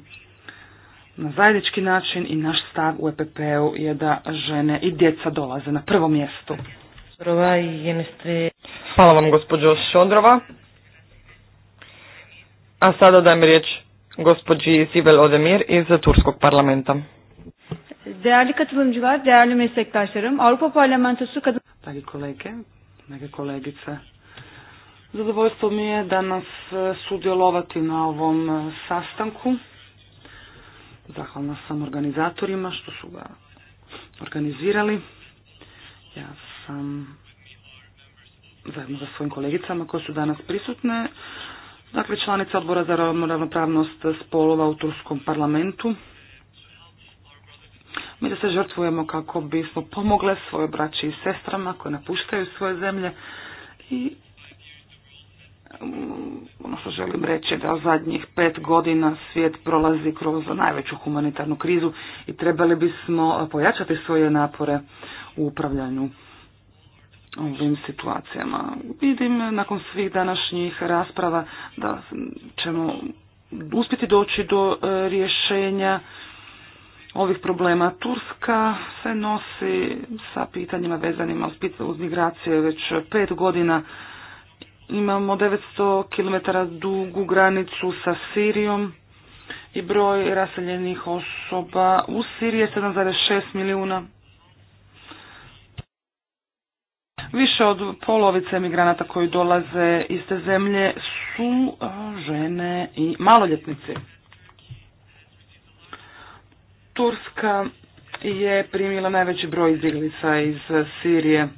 na zajednički način i naš stav u EPP-u je da žene i djeca dolaze na prvo mjesto. Hvala vam gospođo Šondrova. A sada dajem riječ gospođi Sibel Odemir iz Turskog parlamenta. Değerli katılımcılar, değerli meslektaşlarım, Avrupa Parlamentosu kadın... Dragi kolege, dragi kolegice, zadovoljstvo mi je danas eh, sudjelovati na ovom eh, sastanku. Zahvalna sam organizatorima što su ga organizirali. Ja sam zajedno sa svojim kolegicama koje su danas prisutne, dakle članica odbora za ravnopravnost spolova u Turskom parlamentu. Mi da se žrtvujemo kako bismo pomogle svoje braći i sestrama koje napuštaju svoje zemlje i želim reći da zadnjih pet godina svijet prolazi kroz najveću humanitarnu krizu i trebali bismo pojačati svoje napore u upravljanju ovim situacijama. Vidim nakon svih današnjih rasprava da ćemo uspjeti doći do e, rješenja ovih problema. Turska se nosi sa pitanjima vezanima uz migracije već pet godina Imamo 900 km dugu granicu sa Sirijom i broj raseljenih osoba u Siriji je 7,6 milijuna. Više od polovice emigranata koji dolaze iz te zemlje su žene i maloljetnici. Turska je primila najveći broj izbjeglica iz Sirije.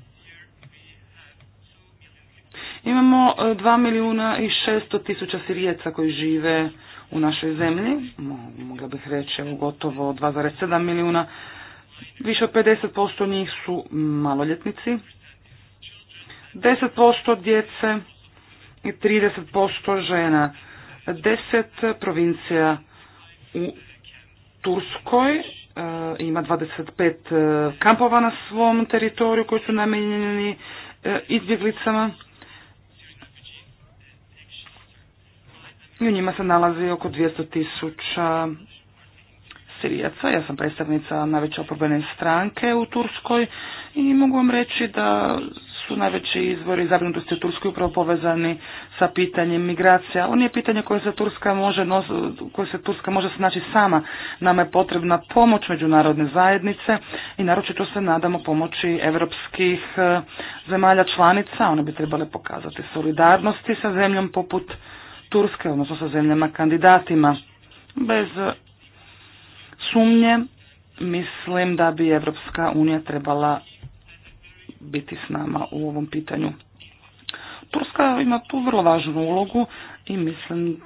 Imamo 2 e, milijuna i 600 tisuća sirijeca koji žive u našoj zemlji, mogla bih reći gotovo 2,7 milijuna, više od 50% njih su maloljetnici, 10% djece i 30% žena, 10 provincija u Turskoj, e, ima 25 e, kampova na svom teritoriju koji su namijenjeni izbjeglicama. i u njima se nalazi oko 200 tisuća Sirijaca. Ja sam predstavnica najveće oporbene stranke u Turskoj i mogu vam reći da su najveći izvori zabrinutosti u Turskoj upravo povezani sa pitanjem migracija. Ovo nije pitanje koje se Turska može, nos, koje se Turska može snaći sama. Nama je potrebna pomoć međunarodne zajednice i naročito se nadamo pomoći evropskih eh, zemalja članica. One bi trebale pokazati solidarnosti sa zemljom poput Turske, odnosno sa zemljama kandidatima. Bez e, sumnje mislim da bi Evropska unija trebala biti s nama u ovom pitanju. Turska ima tu vrlo važnu ulogu i mislim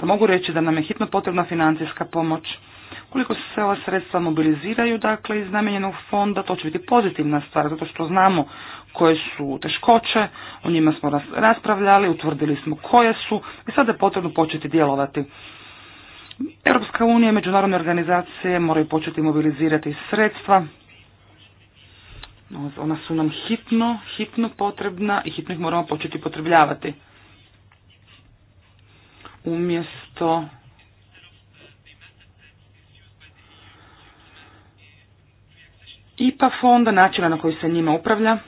da mogu reći da nam je hitno potrebna financijska pomoć. Koliko se ova sredstva mobiliziraju, dakle, iz namenjenog fonda, to će biti pozitivna stvar, zato što znamo koje su teškoće, o njima smo raspravljali, utvrdili smo koje su i sada je potrebno početi djelovati. Europska unija i međunarodne organizacije moraju početi mobilizirati sredstva. Ona su nam hitno, hitno potrebna i hitno ih moramo početi potrebljavati. Umjesto IPA fonda, načina na koji se njima upravlja,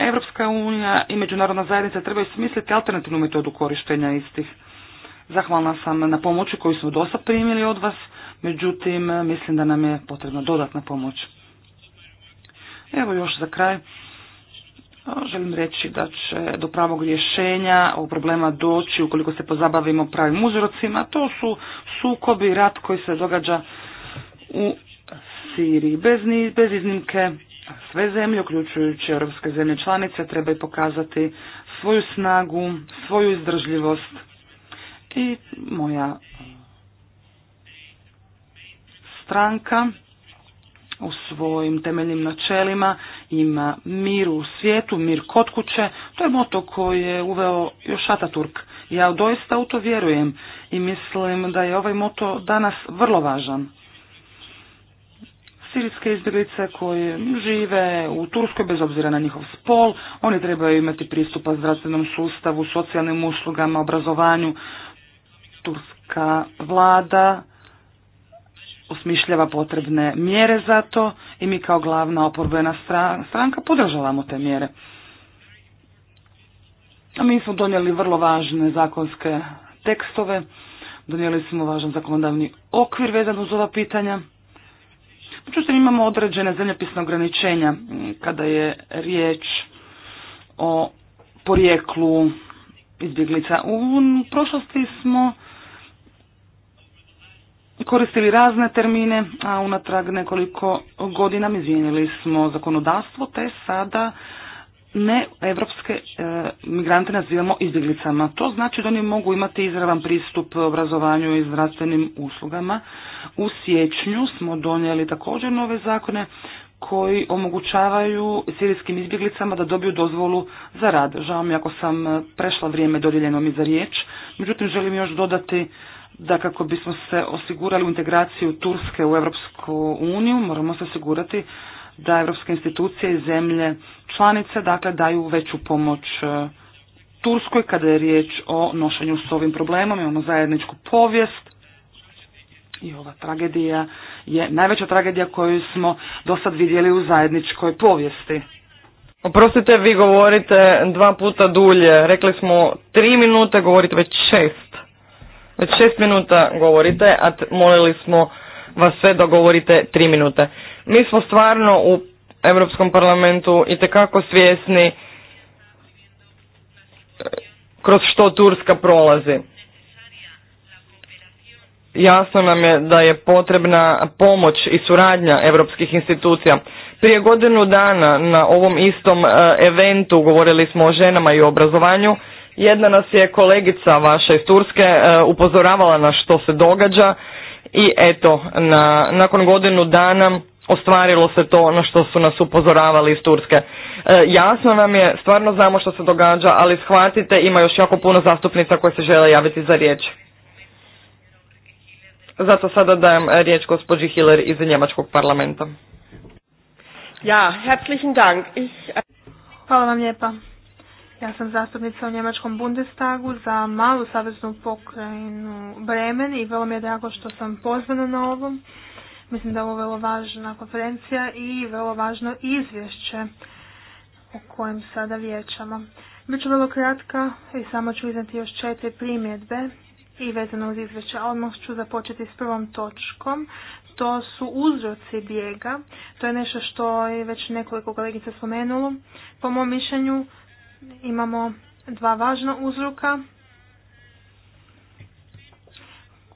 Evropska unija i međunarodna zajednica trebaju smisliti alternativnu metodu korištenja istih. Zahvalna sam na pomoći koju smo dosta primili od vas, međutim mislim da nam je potrebna dodatna pomoć. Evo još za kraj. Želim reći da će do pravog rješenja ovog problema doći ukoliko se pozabavimo pravim uzrocima. To su sukobi, rat koji se događa u Siriji. bez iznimke sve zemlje, uključujući europske zemlje članice, trebaju pokazati svoju snagu, svoju izdržljivost i moja uh, stranka u svojim temeljnim načelima ima mir u svijetu, mir kod kuće. To je moto koji je uveo još Ataturk. Ja doista u to vjerujem i mislim da je ovaj moto danas vrlo važan sirijske izbjeglice koje žive u Turskoj bez obzira na njihov spol. Oni trebaju imati pristupa zdravstvenom sustavu, socijalnim uslugama, obrazovanju. Turska vlada osmišljava potrebne mjere za to i mi kao glavna oporbena stranka podržavamo te mjere. A mi smo donijeli vrlo važne zakonske tekstove, donijeli smo važan zakonodavni okvir vezan uz ova pitanja. Međutim, imamo određene zemljopisne ograničenja kada je riječ o porijeklu izbjeglica. U prošlosti smo koristili razne termine, a unatrag nekoliko godina izmijenili smo zakonodavstvo, te sada ne evropske e, migrante nazivamo izbjeglicama. To znači da oni mogu imati izravan pristup obrazovanju i zdravstvenim uslugama. U siječnju smo donijeli također nove zakone koji omogućavaju sirijskim izbjeglicama da dobiju dozvolu za rad. Žao mi ako sam e, prešla vrijeme dodijeljeno mi za riječ, međutim želim još dodati da kako bismo se osigurali integraciju Turske u Europsku uniju, moramo se osigurati da europske institucije i zemlje članice dakle daju veću pomoć e, Turskoj kada je riječ o nošenju s ovim problemom. Imamo zajedničku povijest i ova tragedija je najveća tragedija koju smo do sad vidjeli u zajedničkoj povijesti. Oprostite, vi govorite dva puta dulje. Rekli smo tri minute, govorite već šest. Već šest minuta govorite, a molili smo vas sve da govorite tri minute. Mi smo stvarno u Europskom parlamentu i tekako svjesni e, kroz što Turska prolazi. Jasno nam je da je potrebna pomoć i suradnja europskih institucija. Prije godinu dana na ovom istom e, eventu govorili smo o ženama i obrazovanju. Jedna nas je kolegica vaša iz Turske e, upozoravala na što se događa i eto, na, nakon godinu dana ostvarilo se to ono što su nas upozoravali iz Turske. E, jasno nam je, stvarno znamo što se događa, ali shvatite, ima još jako puno zastupnica koje se žele javiti za riječ. Zato sada dajem riječ gospođi Hiller iz Njemačkog parlamenta. Ja, herzlichen Dank. Ich... Hvala vam lijepa. Ja sam zastupnica u Njemačkom Bundestagu za malu saveznu pokrajinu Bremen i vrlo mi je drago što sam pozvana na ovom Mislim da je ovo vrlo važna konferencija i vrlo važno izvješće o kojem sada vječamo. Biću vrlo kratka i samo ću iznati još četiri primjedbe i vezano uz izvješće. Odmah ću započeti s prvom točkom. To su uzroci bijega. To je nešto što je već nekoliko kolegica spomenulo. Po mom mišljenju imamo dva važna uzroka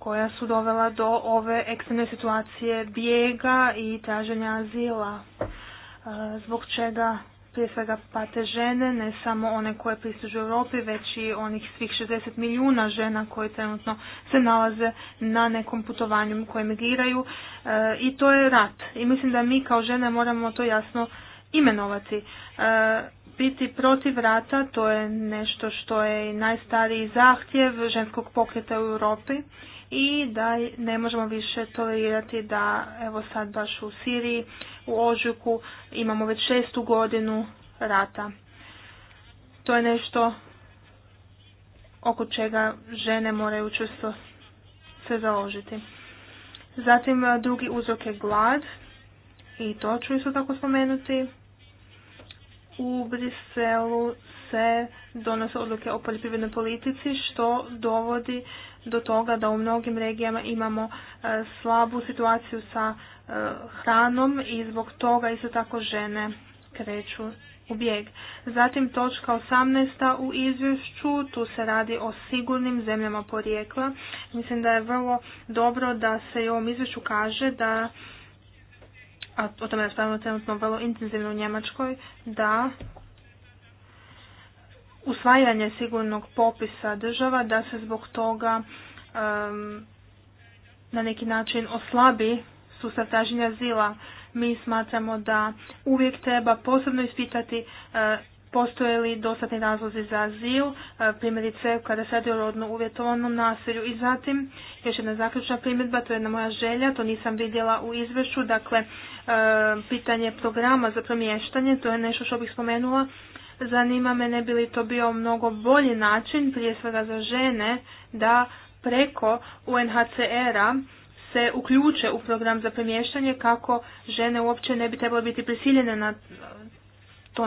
koja su dovela do ove ekstremne situacije bijega i traženja azila, e, zbog čega prije svega pate žene, ne samo one koje pristužu Europi, već i onih svih 60 milijuna žena koje trenutno se nalaze na nekom putovanju koje emigriraju e, i to je rat. I mislim da mi kao žene moramo to jasno imenovati. E, biti protiv rata to je nešto što je najstariji zahtjev ženskog pokreta u Europi i da ne možemo više tolerirati da evo sad baš u Siriji u Ožujku imamo već šestu godinu rata. To je nešto oko čega žene moraju često se založiti. Zatim e, drugi uzrok je glad i to ću isto tako spomenuti. U Briselu se donose odluke o poljoprivrednoj politici što dovodi do toga da u mnogim regijama imamo e, slabu situaciju sa e, hranom i zbog toga isto tako žene kreću u bijeg. Zatim točka 18. u izvješću, tu se radi o sigurnim zemljama porijekla. Mislim da je vrlo dobro da se i u ovom izvješću kaže da a o tome raspravljamo trenutno vrlo intenzivno u Njemačkoj, da usvajanje sigurnog popisa država da se zbog toga na neki način oslabi sustav traženja zila, Mi smatramo da uvijek treba posebno ispitati e, postoje li dostatni razlozi za azil, e, primjerice kada se radi o rodno uvjetovanom nasilju. I zatim, još jedna zaključna primjedba, to je jedna moja želja, to nisam vidjela u izvješću, dakle, e, pitanje programa za promještanje, to je nešto što bih spomenula, Zanima me ne bi li to bio mnogo bolji način, prije svega za žene, da preko UNHCR-a se uključe u program za premještanje kako žene uopće ne bi trebale biti prisiljene na to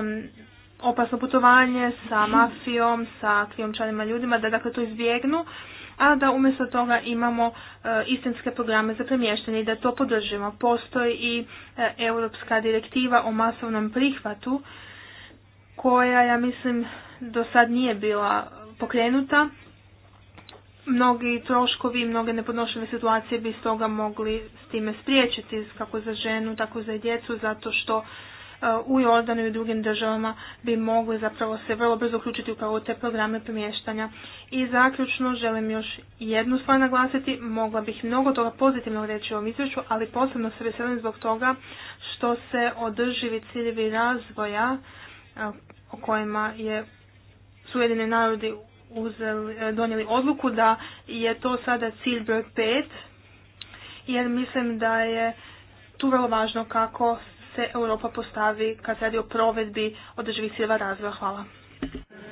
opasno putovanje sa mafijom, sa krijomčanima ljudima, da dakle to izbjegnu, a da umjesto toga imamo e, istinske programe za premještanje i da to podržimo. Postoji i e, Europska direktiva o masovnom prihvatu koja, ja mislim, do sad nije bila pokrenuta. Mnogi troškovi i mnoge nepodnošljive situacije bi toga mogli s time spriječiti, kako za ženu, tako za djecu, zato što e, u Jordanu i u drugim državama bi mogli zapravo se vrlo brzo uključiti upravo u te programe premještanja. I zaključno želim još jednu stvar naglasiti, mogla bih mnogo toga pozitivno reći o ovom izvješću, ali posebno se veselim zbog toga što se održivi ciljevi razvoja o kojima je su narodi uzeli, e, donijeli odluku da je to sada cilj broj 5 jer mislim da je tu vrlo važno kako se Europa postavi kad se radi o provedbi održivih ciljeva razvoja. Hvala.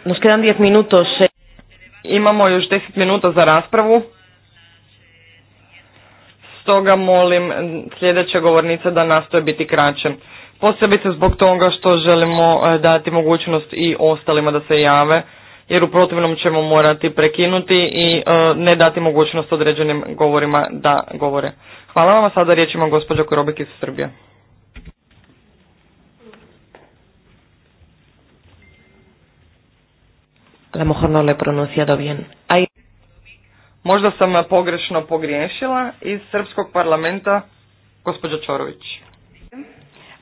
Nos quedan 10 minutos. Eh. Imamo još 10 minuta za raspravu. Stoga molim sljedeća govornica da nastoje biti kraće posebice zbog toga što želimo e, dati mogućnost i ostalima da se jave, jer u protivnom ćemo morati prekinuti i e, ne dati mogućnost određenim govorima da govore. Hvala vam, sada riječ ima gospođa Korobik iz Srbije. A Možda sam pogrešno pogriješila iz Srpskog parlamenta, gospođa Čorović.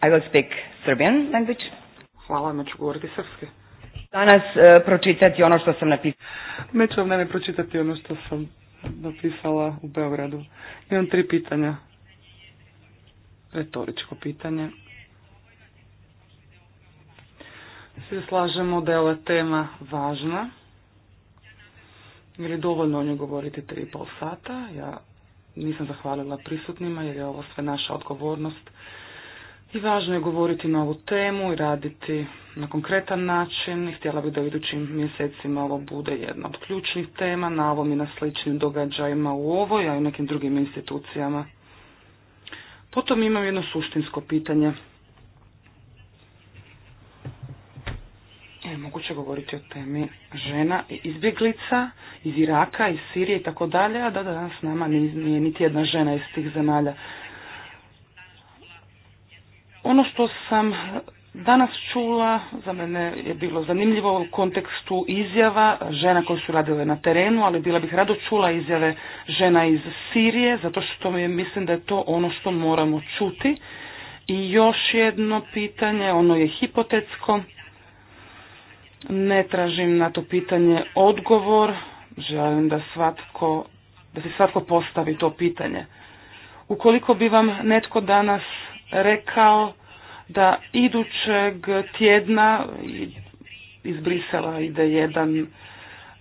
I will speak Serbian language. Hvala, vam ću govoriti srpski. Danas e, pročitati ono što sam napisala. Neću vam ne pročitati ono što sam napisala u Beogradu. Imam tri pitanja. Retoričko pitanje. Svi slažemo da je ova tema važna. Jer je dovoljno o njoj govoriti pol sata. Ja nisam zahvalila prisutnima jer je ovo sve naša odgovornost i važno je govoriti na ovu temu i raditi na konkretan način i htjela bih da u idućim mjesecima ovo bude jedna od ključnih tema na ovom i na sličnim događajima u ovoj, a i u nekim drugim institucijama. Potom imam jedno suštinsko pitanje. E, je moguće govoriti o temi žena i izbjeglica iz Iraka, iz Sirije i tako dalje, a da danas nama nije niti jedna žena iz tih zemalja. Ono što sam danas čula, za mene je bilo zanimljivo u kontekstu izjava žena koje su radile na terenu, ali bila bih rado čula izjave žena iz Sirije, zato što mi mislim da je to ono što moramo čuti. I još jedno pitanje, ono je hipotetsko, ne tražim na to pitanje odgovor, želim da svatko, da se svatko postavi to pitanje. Ukoliko bi vam netko danas rekao da idućeg tjedna iz Brisela ide jedan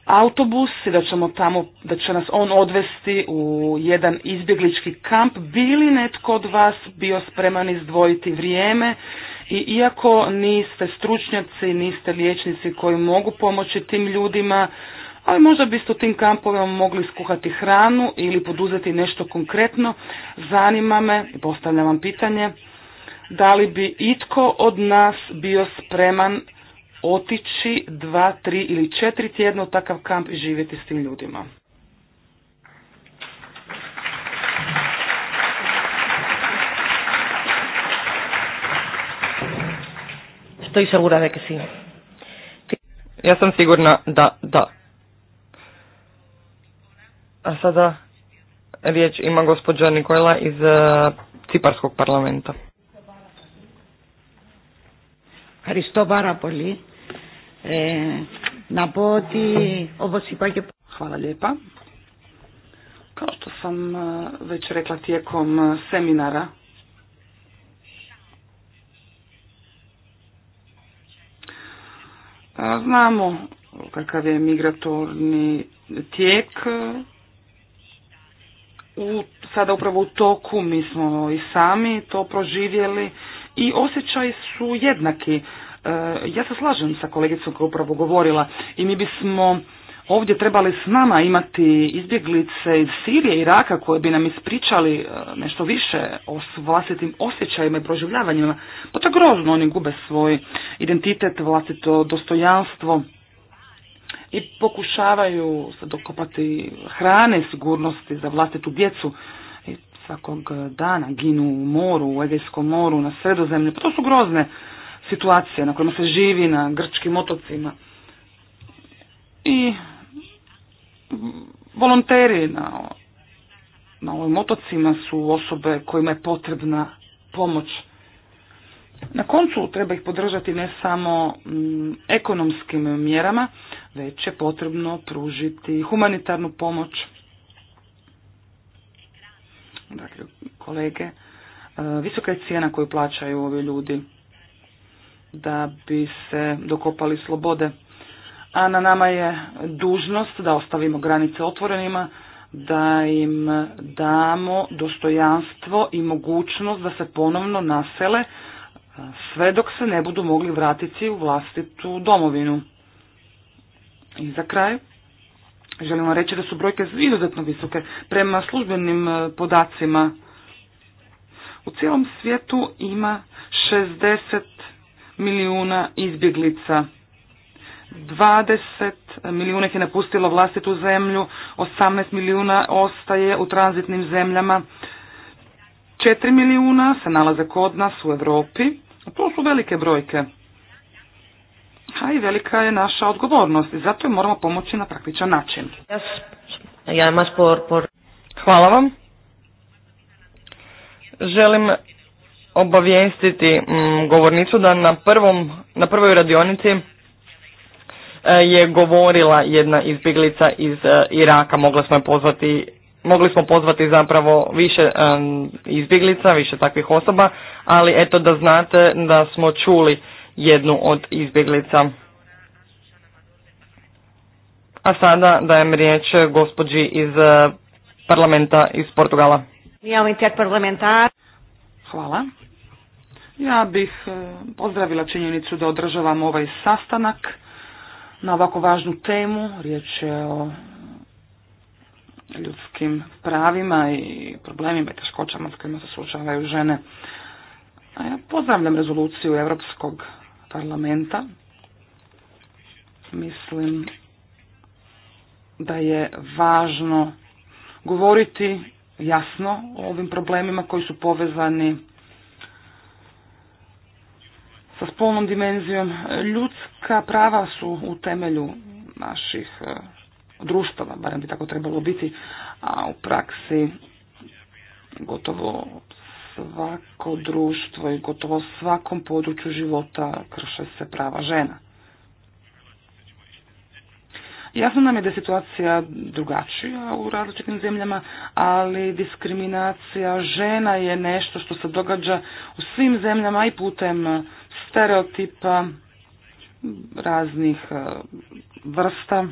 autobus i da ćemo tamo, da će nas on odvesti u jedan izbjeglički kamp. Bili netko od vas bio spreman izdvojiti vrijeme i iako niste stručnjaci, niste liječnici koji mogu pomoći tim ljudima, ali možda biste u tim kampovima mogli skuhati hranu ili poduzeti nešto konkretno. Zanima me i postavljam vam pitanje da li bi itko od nas bio spreman otići dva, tri ili četiri tjedna u takav kamp i živjeti s tim ljudima. Estoy segura de Ja sam sigurna da da. A sada riječ ima gospođa Nikola iz e, Ciparskog parlamenta. Hristo Barapoli. E, na poti, ovo si pa Hvala lijepa. Kao što sam e, već rekla tijekom seminara, znamo kakav je migratorni tijek u, sada upravo u toku, mi smo i sami to proživjeli i osjećaji su jednaki. E, ja se slažem sa kolegicom koja upravo govorila i mi bismo ovdje trebali s nama imati izbjeglice iz Sirije i Iraka koje bi nam ispričali e, nešto više o vlastitim osjećajima i proživljavanjima. Pa to je grozno, oni gube svoj identitet, vlastito dostojanstvo i pokušavaju se dokopati hrane sigurnosti za vlastitu djecu i svakog dana ginu u moru, u Egejskom moru, na sredozemlju. Pa to su grozne situacije na kojima se živi na grčkim otocima. I volonteri na, na ovim otocima su osobe kojima je potrebna pomoć. Na koncu treba ih podržati ne samo mm, ekonomskim mjerama, već je potrebno pružiti humanitarnu pomoć. Dakle, kolege, e, visoka je cijena koju plaćaju ovi ljudi da bi se dokopali slobode. A na nama je dužnost da ostavimo granice otvorenima, da im damo dostojanstvo i mogućnost da se ponovno nasele e, sve dok se ne budu mogli vratiti u vlastitu domovinu. I za kraj, želimo reći da su brojke izuzetno visoke. Prema službenim e, podacima u cijelom svijetu ima 60 milijuna izbjeglica. 20 milijuna ih je napustilo vlastitu zemlju, 18 milijuna ostaje u tranzitnim zemljama, 4 milijuna se nalaze kod nas u Europi. To su velike brojke a i velika je naša odgovornost i zato moramo pomoći na praktičan način. Hvala vam. Želim obavijestiti mm, govornicu da na, prvom, na prvoj radionici e, je govorila jedna izbjeglica iz e, Iraka, mogla smo je pozvati mogli smo pozvati zapravo više izbjeglica, više takvih osoba, ali eto da znate da smo čuli jednu od izbjeglica. A sada dajem riječ gospođi iz eh, parlamenta iz Portugala. Hvala. Ja bih eh, pozdravila činjenicu da održavam ovaj sastanak na ovako važnu temu. Riječ je o ljudskim pravima i problemima i teškoćama s kojima se slučavaju žene. A ja pozdravljam rezoluciju Europskog parlamenta. Mislim da je važno govoriti jasno o ovim problemima koji su povezani sa spolnom dimenzijom. Ljudska prava su u temelju naših e, društava, barem bi tako trebalo biti, a u praksi gotovo svako društvo i gotovo svakom području života krše se prava žena. Jasno nam je da je situacija drugačija u različitim zemljama, ali diskriminacija žena je nešto što se događa u svim zemljama i putem stereotipa raznih eh, vrsta,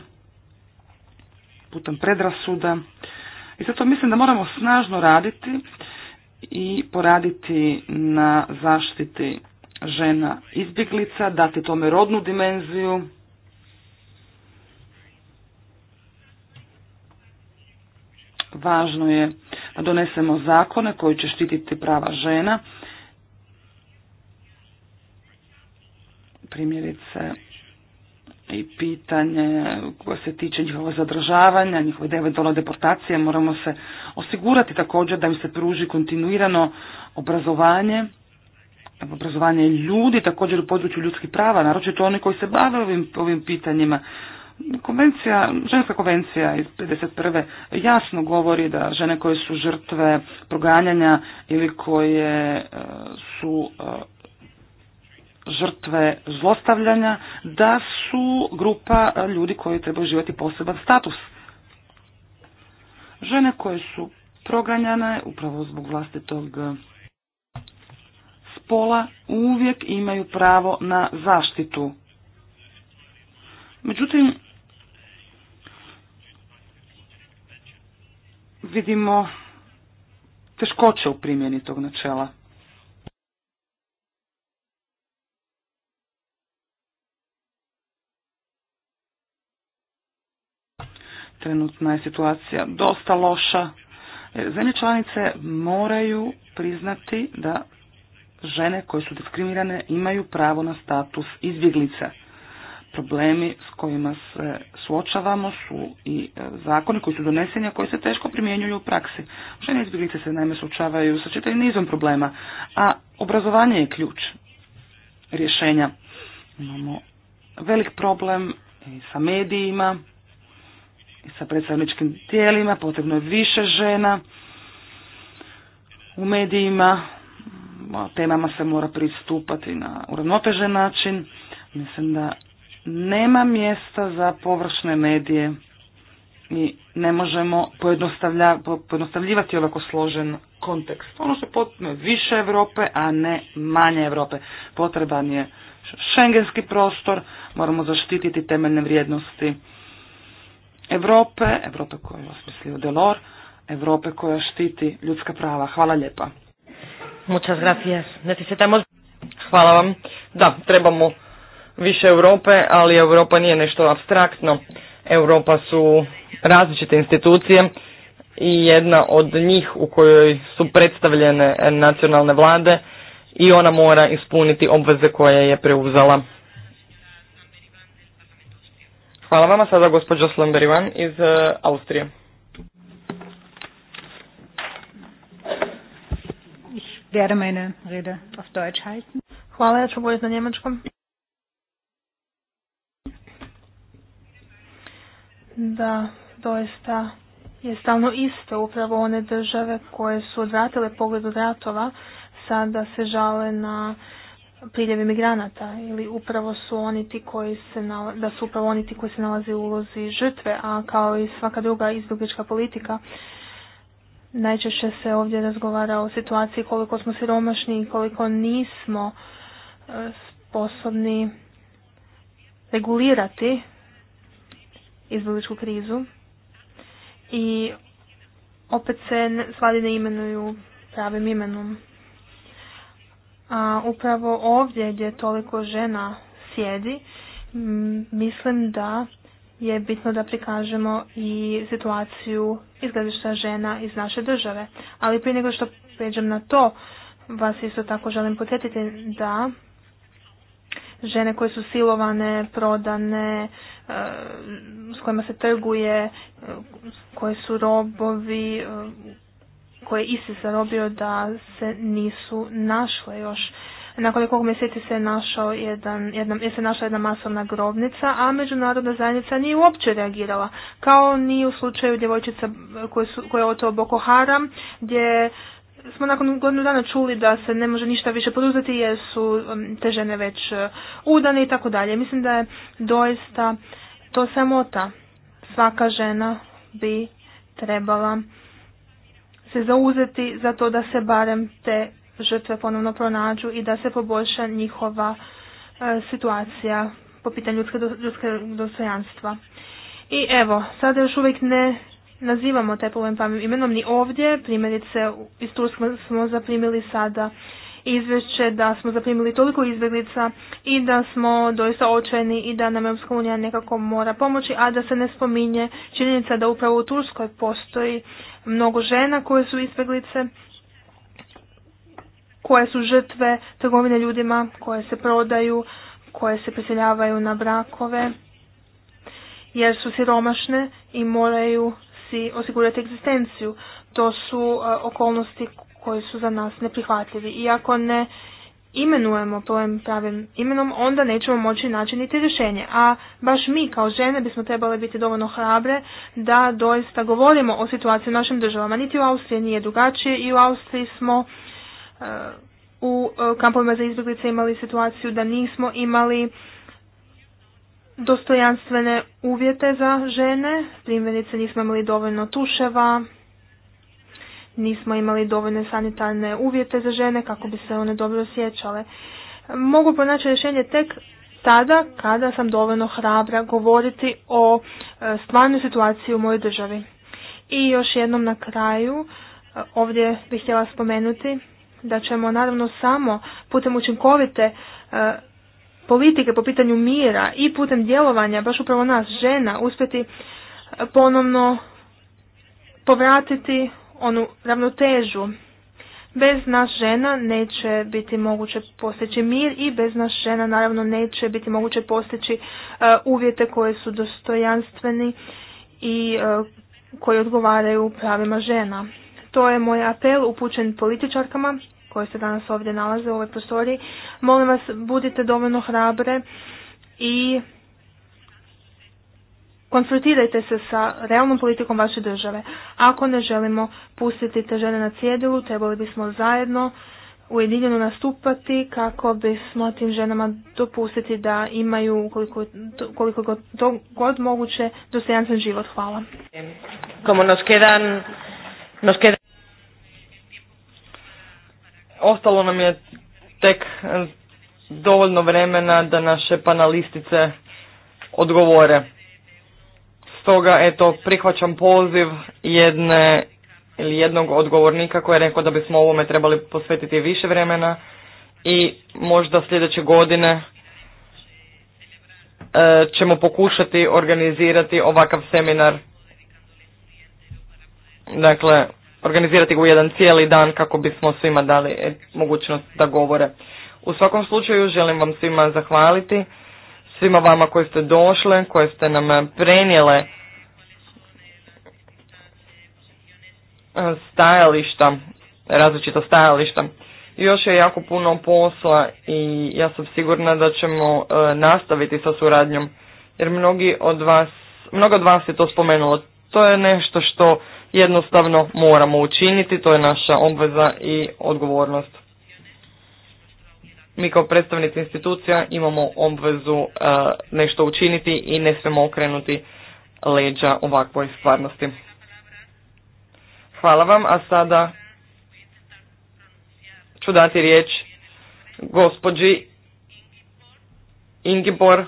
putem predrasuda. I zato mislim da moramo snažno raditi i poraditi na zaštiti žena izbjeglica, dati tome rodnu dimenziju. Važno je da donesemo zakone koji će štititi prava žena. Primjerice, i pitanje koje se tiče njihovog zadržavanja, njihove eventualne deportacije, moramo se osigurati također da im se pruži kontinuirano obrazovanje, obrazovanje ljudi, također u području ljudskih prava, naročito oni koji se bave ovim, ovim pitanjima. Konvencija, ženska konvencija iz 51. jasno govori da žene koje su žrtve proganjanja ili koje e, su e, žrtve zlostavljanja da su grupa ljudi koji trebaju živjeti poseban status. Žene koje su proganjane upravo zbog vlastitog eh, spola uvijek imaju pravo na zaštitu. Međutim, vidimo teškoće u primjeni tog načela. Trenutna je situacija dosta loša. E, zemlje članice moraju priznati da žene koje su diskriminirane imaju pravo na status izbjeglice. Problemi s kojima se suočavamo su i e, zakoni koji su doneseni, a koji se teško primjenjuju u praksi. Žene izbjeglice se naime suočavaju sa čitavim nizom problema, a obrazovanje je ključ rješenja. Imamo velik problem sa medijima, sa predstavničkim tijelima, potrebno je više žena u medijima, temama se mora pristupati na uravnotežen način. Mislim da nema mjesta za površne medije i ne možemo pojednostavljivati ovako složen kontekst. Ono se je više Europe, a ne manje Europe. Potreban je šengenski prostor, moramo zaštititi temeljne vrijednosti Europe, Europe koju je osmislio Delor, Europe koja štiti ljudska prava. Hvala lijepa. Muchas gracias. Necesitamos... Hvala vam. Da, trebamo više Europe, ali Europa nije nešto abstraktno. Europa su različite institucije i jedna od njih u kojoj su predstavljene nacionalne vlade i ona mora ispuniti obveze koje je preuzela. Hvala vama sada gospođa Slamberivan iz e, Austrije. werde meine Rede auf Hvala, ja ću govoriti na njemačkom. Da, doista je stalno isto upravo one države koje su odvratile pogled od ratova, sada se žale na priljevi migranata ili upravo su oni ti koji se nalazi, da su upravo oni ti koji se nalaze u ulozi žrtve, a kao i svaka druga izbjeglička politika najčešće se ovdje razgovara o situaciji koliko smo siromašni i koliko nismo e, sposobni regulirati izbjegličku krizu i opet se stvari ne imenuju pravim imenom. A upravo ovdje gdje toliko žena sjedi, mislim da je bitno da prikažemo i situaciju izgledišta žena iz naše države. Ali prije nego što pređem na to, vas isto tako želim podsjetiti da žene koje su silovane, prodane, e, s kojima se trguje, e, koje su robovi, e, koje ISIS zarobio da se nisu našle još. Nakon nekog mjeseci se našao jedan, jedna, je se našla jedna masovna grobnica, a međunarodna zajednica nije uopće reagirala, kao ni u slučaju djevojčica koje, koje je oto Boko Haram, gdje smo nakon godinu dana čuli da se ne može ništa više poduzeti jer su um, te žene već uh, udane i tako dalje. Mislim da je doista to samota. Svaka žena bi trebala se zauzeti za to da se barem te žrtve ponovno pronađu i da se poboljša njihova e, situacija po pitanju ljudske, do, dostojanstva. I evo, sada još uvijek ne nazivamo taj problem pamim imenom ni ovdje, primjerice iz Turske smo zaprimili sada izvješće da smo zaprimili toliko izbjeglica i da smo doista očajni i da nam Europska unija nekako mora pomoći, a da se ne spominje činjenica da upravo u Turskoj postoji mnogo žena koje su izbjeglice, koje su žrtve trgovine ljudima, koje se prodaju, koje se prisiljavaju na brakove, jer su siromašne i moraju si osigurati egzistenciju. To su e, okolnosti koje su za nas neprihvatljivi. Iako ne imenujemo tojem pravim imenom, onda nećemo moći naći niti rješenje. A baš mi kao žene bismo trebale biti dovoljno hrabre da doista govorimo o situaciji u našim državama. Niti u Austriji nije drugačije i u Austriji smo e, u e, kampovima za izbjeglice imali situaciju da nismo imali dostojanstvene uvjete za žene, primjerice nismo imali dovoljno tuševa, nismo imali dovoljne sanitarne uvjete za žene kako bi se one dobro osjećale. Mogu pronaći rješenje tek tada kada sam dovoljno hrabra govoriti o e, stvarnoj situaciji u mojoj državi. I još jednom na kraju, e, ovdje bih htjela spomenuti da ćemo naravno samo putem učinkovite e, politike po pitanju mira i putem djelovanja baš upravo nas žena uspjeti ponovno povratiti onu ravnotežu. Bez nas žena neće biti moguće postići mir i bez nas žena naravno neće biti moguće postići e, uvjete koje su dostojanstveni i uh, koji odgovaraju pravima žena. To je moj apel upućen političarkama koje se danas ovdje nalaze u ovoj prostoriji. Molim vas, budite dovoljno hrabre i konfrontirajte se sa realnom politikom vaše države. Ako ne želimo pustiti te žene na cjedilu, trebali bismo zajedno ujedinjeno nastupati kako bismo tim ženama dopustiti da imaju koliko, god, moguće dostojanstven život. Hvala. Ostalo nam je tek eh, dovoljno vremena da naše panelistice odgovore. Stoga, eto, prihvaćam poziv jedne ili jednog odgovornika koji je rekao da bismo ovome trebali posvetiti više vremena i možda sljedeće godine e, ćemo pokušati organizirati ovakav seminar. Dakle, organizirati ga u jedan cijeli dan kako bismo svima dali e, mogućnost da govore. U svakom slučaju želim vam svima zahvaliti svima vama koji ste došle, koje ste nam eh, prenijele eh, stajališta, različita stajališta. Još je jako puno posla i ja sam sigurna da ćemo eh, nastaviti sa suradnjom jer mnogi od vas, mnogo od vas je to spomenulo. To je nešto što jednostavno moramo učiniti, to je naša obveza i odgovornost mi kao predstavnici institucija imamo obvezu e, nešto učiniti i ne smemo okrenuti leđa ovakvoj stvarnosti. Hvala vam, a sada ću dati riječ gospođi Ingibor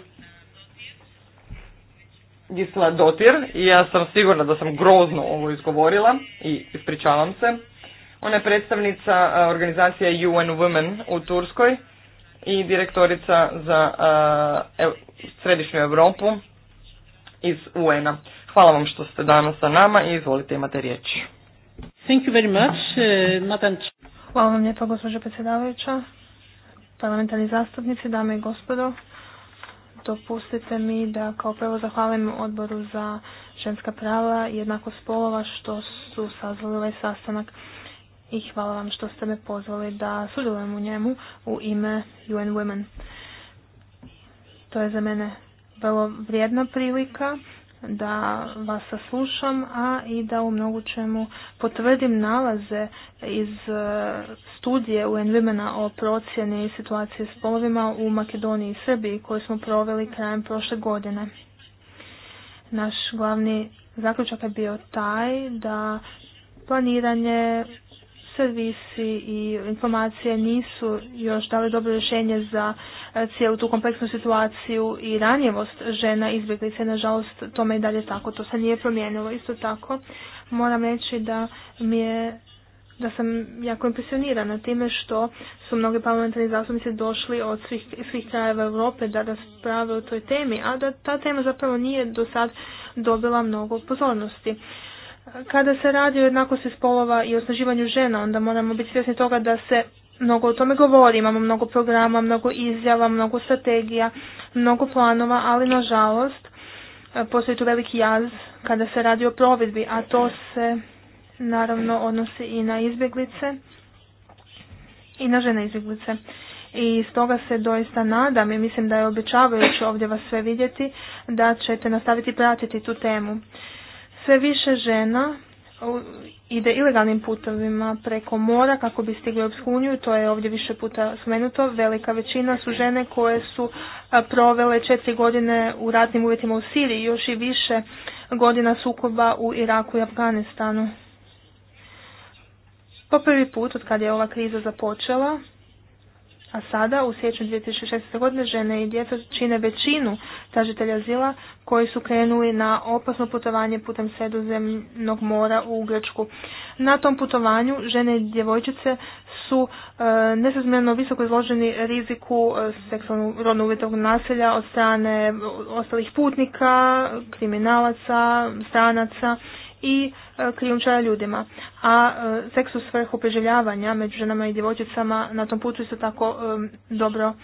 Gisla Dotir. Ja sam sigurna da sam grozno ovo izgovorila i ispričavam se. Ona je predstavnica e, organizacije UN Women u Turskoj i direktorica za uh, Središnju Europu iz UN-a. Hvala vam što ste danas sa nama i izvolite imate riječ. Thank you very much, uh, Hvala vam lijepo gospođo predsjedavajuća, parlamentarni zastupnici, dame i gospodo. Dopustite mi da kao prvo zahvalim odboru za ženska prava i jednako spolova što su sazvali ovaj sastanak i hvala vam što ste me pozvali da sudjelujem u njemu u ime UN Women. To je za mene vrlo vrijedna prilika da vas saslušam, a i da u mnogu čemu potvrdim nalaze iz e, studije UN Womena o procjeni situacije s polovima u Makedoniji i Srbiji koju smo proveli krajem prošle godine. Naš glavni zaključak je bio taj da planiranje servisi i informacije nisu još dali dobro rješenje za e, cijelu tu kompleksnu situaciju i ranjivost žena se Nažalost, tome i dalje tako. To se nije promijenilo. Isto tako, moram reći da mi je da sam jako impresionirana time što su mnogi parlamentarni zastupnici došli od svih, svih krajeva Europe da rasprave o toj temi, a da ta tema zapravo nije do sad dobila mnogo pozornosti. Kada se radi o jednakosti spolova i osnaživanju žena, onda moramo biti svjesni toga da se mnogo o tome govori. Imamo mnogo programa, mnogo izjava, mnogo strategija, mnogo planova, ali nažalost postoji tu veliki jaz kada se radi o provedbi, a to se naravno odnosi i na izbjeglice i na žene izbjeglice. I stoga se doista nadam i mislim da je obećavajuće ovdje vas sve vidjeti da ćete nastaviti pratiti tu temu. Sve više žena ide ilegalnim putovima preko mora kako bi stigli u to je ovdje više puta spomenuto, velika većina su žene koje su provele četiri godine u ratnim uvjetima u Siriji, još i više godina sukoba u Iraku i Afganistanu. Po prvi put od kad je ova kriza započela, a sada, u sjeću 2016. godine, žene i djeca čine većinu tražitelja azila koji su krenuli na opasno putovanje putem sredozemnog mora u Grčku. Na tom putovanju žene i djevojčice su e, nesazmjerno visoko izloženi riziku e, seksualnog rodno uvjetovog nasilja od strane ostalih putnika, kriminalaca, stranaca i e, krijumčara ljudima. A e, seks u svrhu preživljavanja među ženama i djevojčicama na tom putu isto tako e, dobro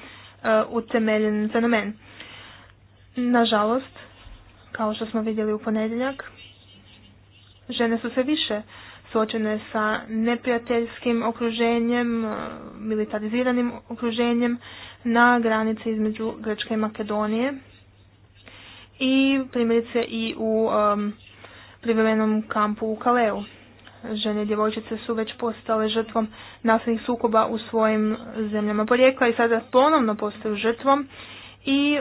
utemeljen fenomen. Nažalost, kao što smo vidjeli u ponedjeljak, žene su sve više suočene sa neprijateljskim okruženjem, militariziranim okruženjem na granici između Grčke i Makedonije i primjerice i u privremenom kampu u Kaleu. Žene i djevojčice su već postale žrtvom nasilnih sukoba u svojim zemljama porijekla i sada ponovno postaju žrtvom i e,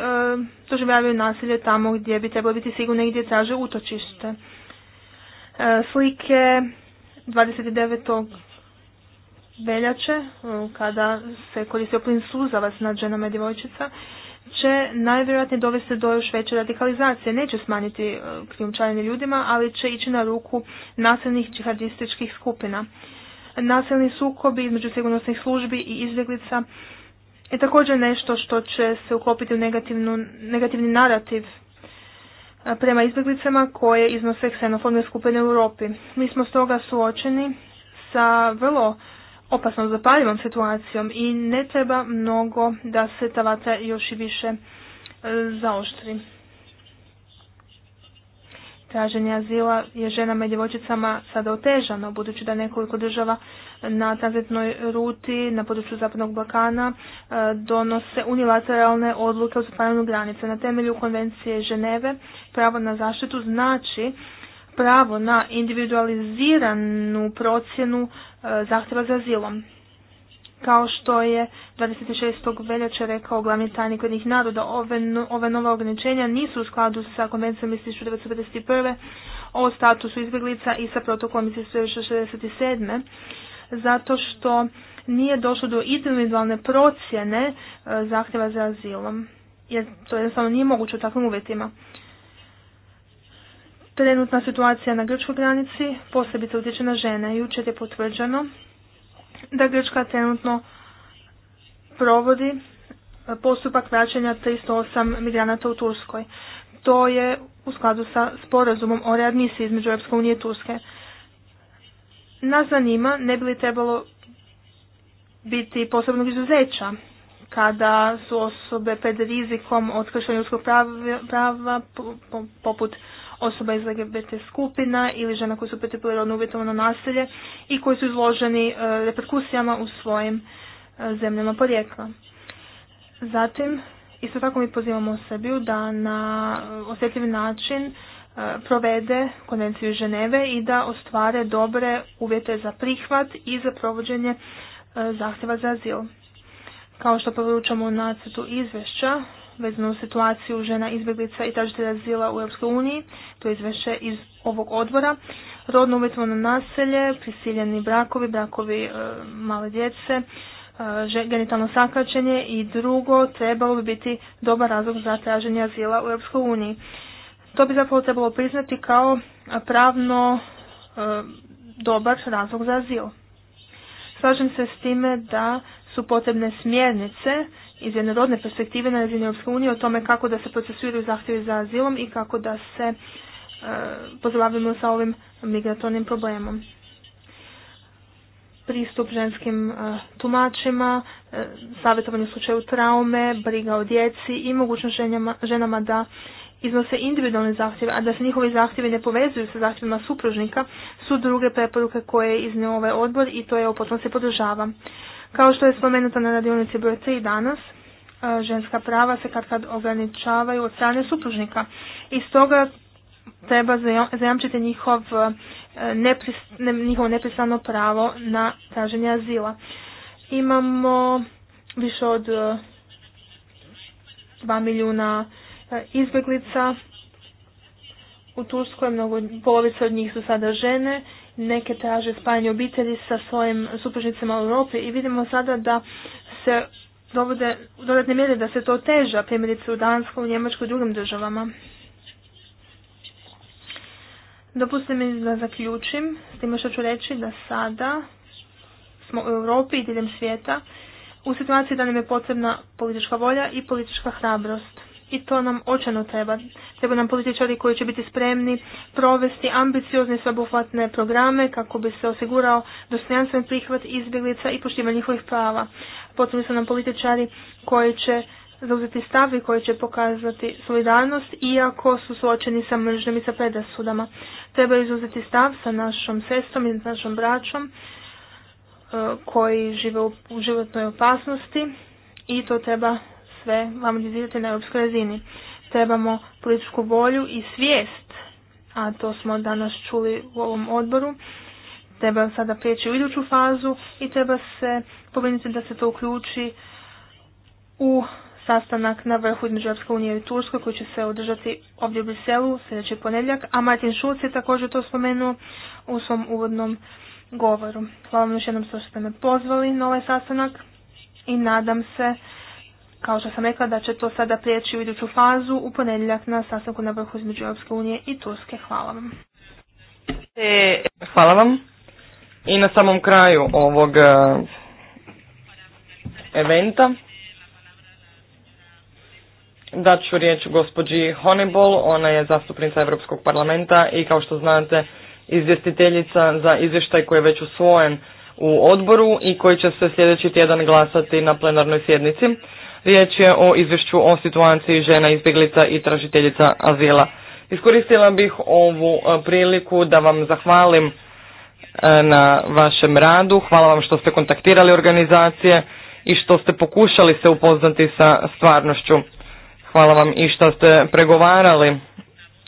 doživljavaju nasilje tamo gdje bi trebalo biti sigurne i gdje traže utočište. E, slike 29. veljače, e, kada se koristio plin suzavac nad ženama i djevojčica, će najvjerojatnije dovesti do još veće radikalizacije. Neće smanjiti e, krijumčarenje ljudima, ali će ići na ruku nasilnih džihadističkih skupina. Nasilni sukobi između sigurnosnih službi i izbjeglica je također nešto što će se uklopiti u negativnu, negativni narativ e, prema izbjeglicama koje iznose ksenofobne skupine u Europi. Mi smo stoga suočeni sa vrlo opasnom zapaljivom situacijom i ne treba mnogo da se ta vatra još i više e, zaoštri. Traženje azila je ženama i djevojčicama sada otežano, budući da nekoliko država na tranzitnoj ruti na području Zapadnog Balkana e, donose unilateralne odluke o zapaljanju granice. Na temelju konvencije Ženeve pravo na zaštitu znači pravo na individualiziranu procjenu E, zahtjeva za azilom. Kao što je 26. veljače rekao glavni tajnik jednih naroda, ove, ove nova ograničenja nisu u skladu sa konvencijom iz 1951. o statusu izbjeglica i sa protokolom iz 1967. zato što nije došlo do individualne procjene e, zahtjeva za azilom. Jer to jednostavno nije moguće u takvim uvjetima. Trenutna situacija na grčkoj granici posebice utječe na žene. Jučer je potvrđeno da Grčka trenutno provodi postupak vraćanja 308 migranata u Turskoj. To je u skladu sa sporazumom o readmisiji između Europske unije i Turske. Nas zanima ne bi li trebalo biti posebnog izuzeća kada su osobe pred rizikom od kršenja ljudskog prava poput osoba iz LGBT skupina ili žena koji su pretrpili ono uvjetovano nasilje i koji su izloženi e, reperkusijama u svojim e, zemljama porijekla. Zatim, isto tako mi pozivamo sebi da na e, osjetljiv način provede konvenciju Ženeve i da ostvare dobre uvjete za prihvat i za provođenje zahtjeva za azil. Kao što poručamo u nacrtu izvješća, vezano situaciju žena izbjeglica i tražitelja azila u uniji, to je iz ovog odbora. Rodno uvjetovano naselje, prisiljeni brakovi, brakovi e, male djece, e, genitalno sakraćenje i drugo trebalo bi biti dobar razlog za traženje azila u uniji. To bi zapravo trebalo priznati kao pravno e, dobar razlog za azil. Slažem se s time da su potrebne smjernice iz jedne rodne perspektive na razini Europske unije o tome kako da se procesuiraju zahtjevi za azilom i kako da se e, pozabavimo sa ovim migratornim problemom. Pristup ženskim e, tumačima, e, savjetovanje u slučaju traume, briga o djeci i mogućnost ženama da iznose individualne zahtjeve, a da se njihovi zahtjevi ne povezuju sa zahtjevima supružnika, su druge preporuke koje je iznio ovaj odbor i to je u se podržava. Kao što je spomenuto na radionici broj 3 danas, e, ženska prava se kad kad ograničavaju od strane supružnika. I stoga treba zajamčiti njihov, e, njihovo nepristano pravo na traženje azila. Imamo više od 2 e, milijuna izbjeglica u Turskoj, mnogo, polovica od njih su sada žene neke traže spajanje obitelji sa svojim supružnicima u Europi i vidimo sada da se dovode u dodatne mjere da se to teža primjerice u Danskoj, u Njemačkoj i drugim državama. Dopustite mi da zaključim s time što ću reći da sada smo u Europi i diljem svijeta u situaciji da nam je potrebna politička volja i politička hrabrost i to nam očano treba. Treba nam političari koji će biti spremni provesti ambiciozne i sveobuhvatne programe kako bi se osigurao dostojanstven prihvat izbjeglica i poštivanje njihovih prava. Potrebni su nam političari koji će zauzeti stav i koji će pokazati solidarnost iako su suočeni sa mržnjom i sa predasudama. Treba izuzeti stav sa našom sestrom i našom braćom e, koji žive u životnoj opasnosti i to treba sve harmonizirati na europskoj razini. Trebamo političku volju i svijest, a to smo danas čuli u ovom odboru, treba sada prijeći u iduću fazu i treba se pobrinuti da se to uključi u sastanak na vrhu između Europske unije i Turskoj koji će se održati ovdje u Briselu sljedeći ponedjeljak, a Martin Šulc je također to spomenuo u svom uvodnom govoru. Hvala vam još jednom što ste me pozvali na ovaj sastanak i nadam se kao što sam rekla, da će to sada prijeći u iduću fazu u ponedjeljak na sastanku na vrhu između Europske unije i Turske. Hvala vam. E, I na samom kraju ovog e, eventa dat ću riječ gospođi Honeyball, ona je zastupnica Europskog parlamenta i kao što znate izvjestiteljica za izvještaj koji je već usvojen u odboru i koji će se sljedeći tjedan glasati na plenarnoj sjednici. Riječ je o izvješću o situaciji žena izbjeglica i tražiteljica azila. Iskoristila bih ovu e, priliku da vam zahvalim e, na vašem radu. Hvala vam što ste kontaktirali organizacije i što ste pokušali se upoznati sa stvarnošću. Hvala vam i što ste pregovarali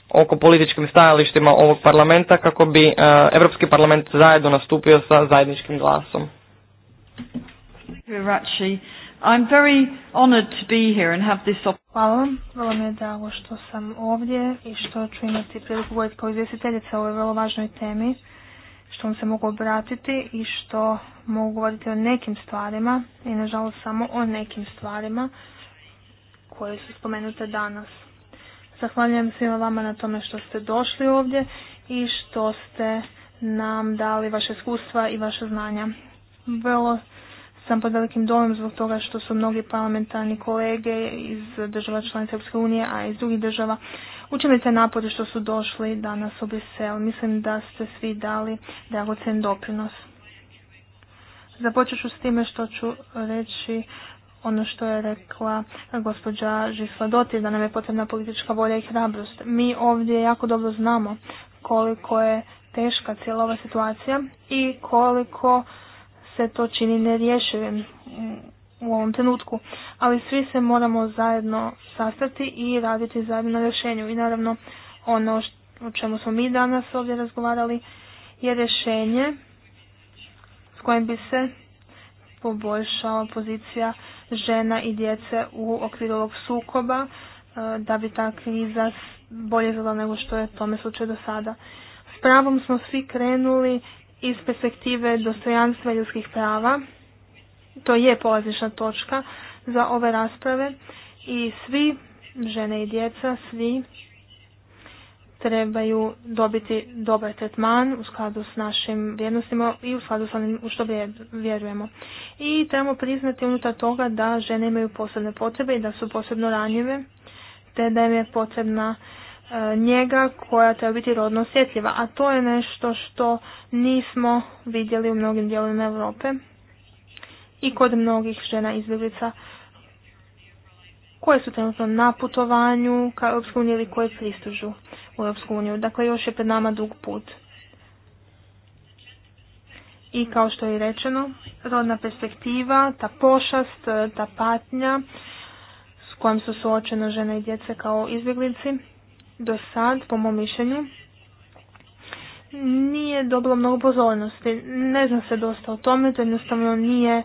oko političkim stajalištima ovog parlamenta kako bi e, Europski parlament zajedno nastupio sa zajedničkim glasom. I'm very honored to be here and have this Hvala vam. Vrlo mi je drago što sam ovdje i što ću imati priliku govoriti kao izvjestiteljica o ovoj vrlo važnoj temi, što vam se mogu obratiti i što mogu govoriti o nekim stvarima i nažalost samo o nekim stvarima koje su spomenute danas. Zahvaljujem svima vama na tome što ste došli ovdje i što ste nam dali vaše iskustva i vaše znanja. Vrlo sam pod velikim domom zbog toga što su mnogi parlamentarni kolege iz država članica Europske unije, a iz drugih država učinili te napore što su došli danas u Brisel. Mislim da ste svi dali dragocen doprinos. Započet ću s time što ću reći ono što je rekla gospođa Žisla da nam je potrebna politička volja i hrabrost. Mi ovdje jako dobro znamo koliko je teška cijela ova situacija i koliko se to čini nerješivim u ovom trenutku. Ali svi se moramo zajedno sastati i raditi zajedno na rješenju. I naravno ono o čemu smo mi danas ovdje razgovarali je rješenje s kojim bi se poboljšala pozicija žena i djece u okviru ovog sukoba e, da bi ta kriza bolje izgledala nego što je tome slučaj do sada. S pravom smo svi krenuli iz perspektive dostojanstva ljudskih prava. To je polazišna točka za ove rasprave i svi, žene i djeca, svi trebaju dobiti dobar tretman u skladu s našim vrijednostima i u skladu s onim u što vjerujemo. I trebamo priznati unutar toga da žene imaju posebne potrebe i da su posebno ranjive, te da im je potrebna E, njega koja treba biti rodno osjetljiva, a to je nešto što nismo vidjeli u mnogim dijelovima Europe i kod mnogih žena izbjeglica koje su trenutno na putovanju ka Europsku uniju ili koje pristužu u Europsku uniju. Dakle, još je pred nama dug put. I kao što je rečeno, rodna perspektiva, ta pošast, e, ta patnja s kojom su suočene žene i djece kao izbjeglici, do sad, po mom mišljenju, nije dobilo mnogo pozornosti. Ne znam se dosta o tome, to jednostavno nije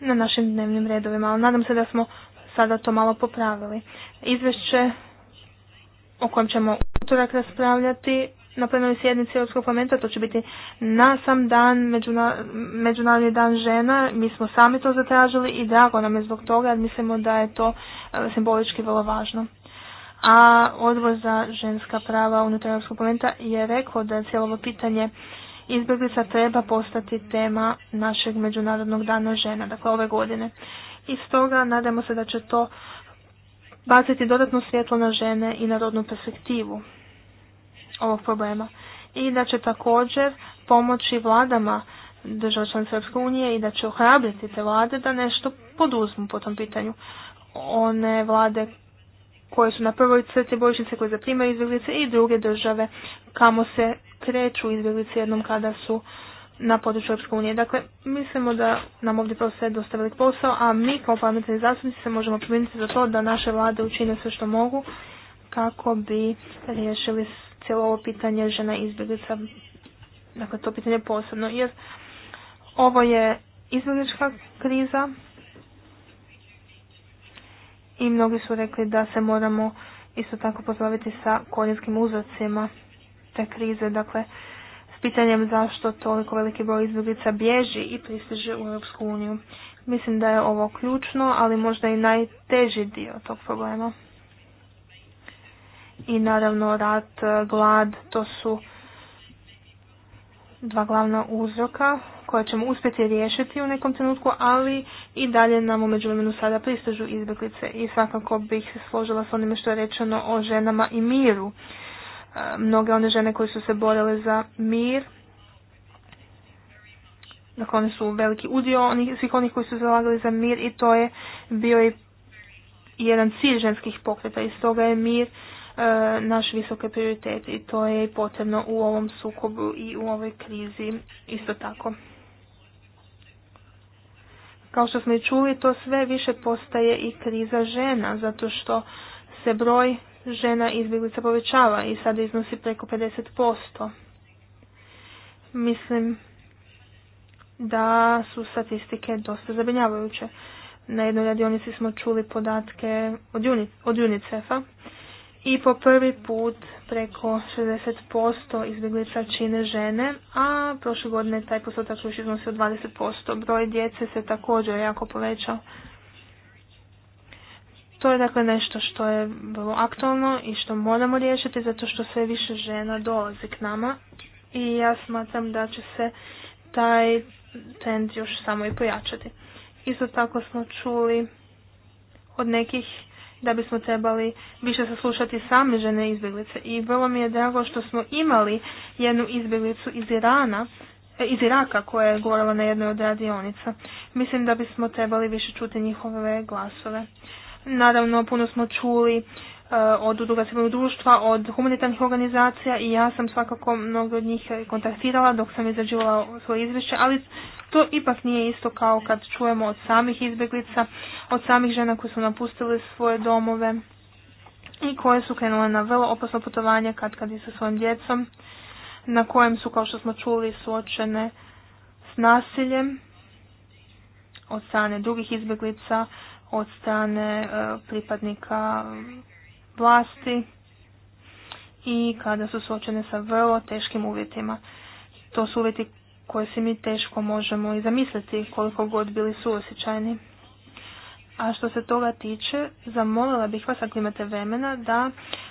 na našim dnevnim redovima, ali nadam se da smo sada to malo popravili. Izvješće o kojem ćemo utorak raspravljati na plenoj sjednici Europskog parlamenta, to će biti na sam dan, Međunarodni dan žena, mi smo sami to zatražili i drago nam je zbog toga jer mislimo da je to e, simbolički vrlo važno a odbor za ženska prava unutar Europskog parlamenta je rekao da cijelo ovo pitanje izbjeglica treba postati tema našeg Međunarodnog dana žena, dakle ove godine. I stoga nadamo se da će to baciti dodatno svjetlo na žene i na rodnu perspektivu ovog problema. I da će također pomoći vladama država članica Europske unije i da će ohrabriti te vlade da nešto poduzmu po tom pitanju. One vlade koje su na prvoj crti bojišnice koje zaprimaju izbjeglice i druge države kamo se kreću izbjeglice jednom kada su na području Europske unije. Dakle, mislimo da nam ovdje prosto dosta velik posao, a mi kao parlamentarni zastupnici se možemo pobrinuti za to da naše vlade učine sve što mogu kako bi riješili cijelo ovo pitanje žena izbjeglica. Dakle, to pitanje posebno, jer ovo je izbjeglička kriza i mnogi su rekli da se moramo isto tako pozbaviti sa korijenskim uzrocima te krize. Dakle, s pitanjem zašto toliko veliki broj izbjeglica bježi i pristiže u Europsku uniju. Mislim da je ovo ključno, ali možda i najteži dio tog problema. I naravno rat, glad, to su dva glavna uzroka koja ćemo uspjeti riješiti u nekom trenutku, ali i dalje nam u međuvremenu sada pristižu izbjeglice i svakako bih se složila s onime što je rečeno o ženama i miru. E, mnoge one žene koje su se borile za mir, dakle one su veliki udio onih, svih onih koji su zalagali za mir i to je bio i jedan cilj ženskih pokreta i stoga je mir e, naš visoke prioritet i to je potrebno u ovom sukobu i u ovoj krizi isto tako. Kao što smo i čuli, to sve više postaje i kriza žena, zato što se broj žena izbjeglica povećava i sada iznosi preko 50%. Mislim da su statistike dosta zabrinjavajuće. Na jednoj radionici smo čuli podatke od UNICEF-a i po prvi put preko 60% izbjeglica čine žene, a prošle godine taj postotak još iznosio 20%. Broj djece se također jako povećao. To je dakle nešto što je vrlo aktualno i što moramo riješiti zato što sve više žena dolazi k nama i ja smatram da će se taj trend još samo i pojačati. Isto tako smo čuli od nekih da bismo trebali više saslušati same žene izbjeglice. I vrlo mi je drago što smo imali jednu izbjeglicu iz Irana, e, iz Iraka koja je govorila na jednoj od radionica. Mislim da bismo trebali više čuti njihove glasove. Naravno, puno smo čuli e, od udruga civilnog društva, od humanitarnih organizacija i ja sam svakako mnogo od njih kontaktirala dok sam izrađivala svoje izvješće, ali to ipak nije isto kao kad čujemo od samih izbjeglica, od samih žena koje su napustile svoje domove i koje su krenule na vrlo opasno putovanje kad kad i sa svojim djecom, na kojem su, kao što smo čuli, suočene s nasiljem od strane drugih izbjeglica, od strane e, pripadnika vlasti i kada su suočene sa vrlo teškim uvjetima. To su uvjeti koje si mi teško možemo i zamisliti koliko god bili suosjećajni. A što se toga tiče, zamolila bih vas ako imate vremena da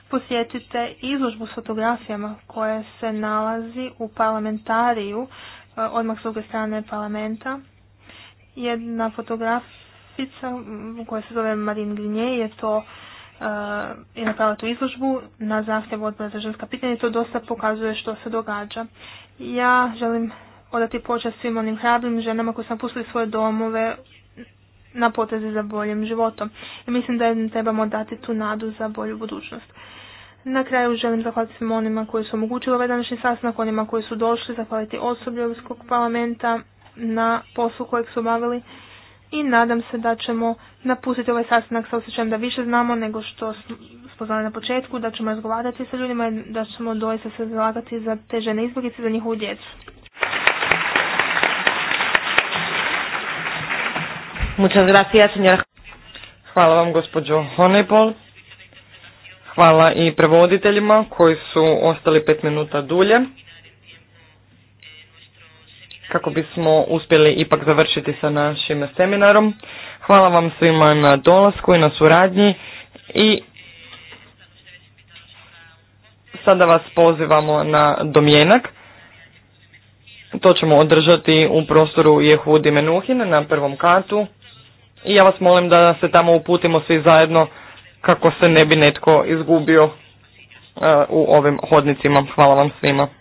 posjetite izložbu s fotografijama koja se nalazi u parlamentariju, eh, odmah s druge strane parlamenta. Jedna fotografica koja se zove marin Grinje je to eh, je napravila tu izložbu na zahtjev odbora za ženska pitanja i to dosta pokazuje što se događa. Ja želim odati počast svim onim hrabrim ženama koje su napustili svoje domove na potezi za boljim životom. I mislim da im trebamo dati tu nadu za bolju budućnost. Na kraju želim zahvaliti svim onima koji su omogućili ovaj današnji sastanak, onima koji su došli, zahvaliti osoblju Europskog parlamenta na poslu kojeg su obavili i nadam se da ćemo napustiti ovaj sastanak sa osjećajem da više znamo nego što smo znali na početku, da ćemo razgovarati sa ljudima i da ćemo doista se zalagati za te žene izbjeglice za njihovu djecu. Muchas gracias, señora. Hvala vam, gospođo Honeyball. Hvala i prevoditeljima koji su ostali pet minuta dulje kako bismo uspjeli ipak završiti sa našim seminarom. Hvala vam svima na dolasku i na suradnji i sada vas pozivamo na domjenak. To ćemo održati u prostoru Jehudi Menuhin na prvom katu i ja vas molim da se tamo uputimo svi zajedno kako se ne bi netko izgubio e, u ovim hodnicima. Hvala vam svima.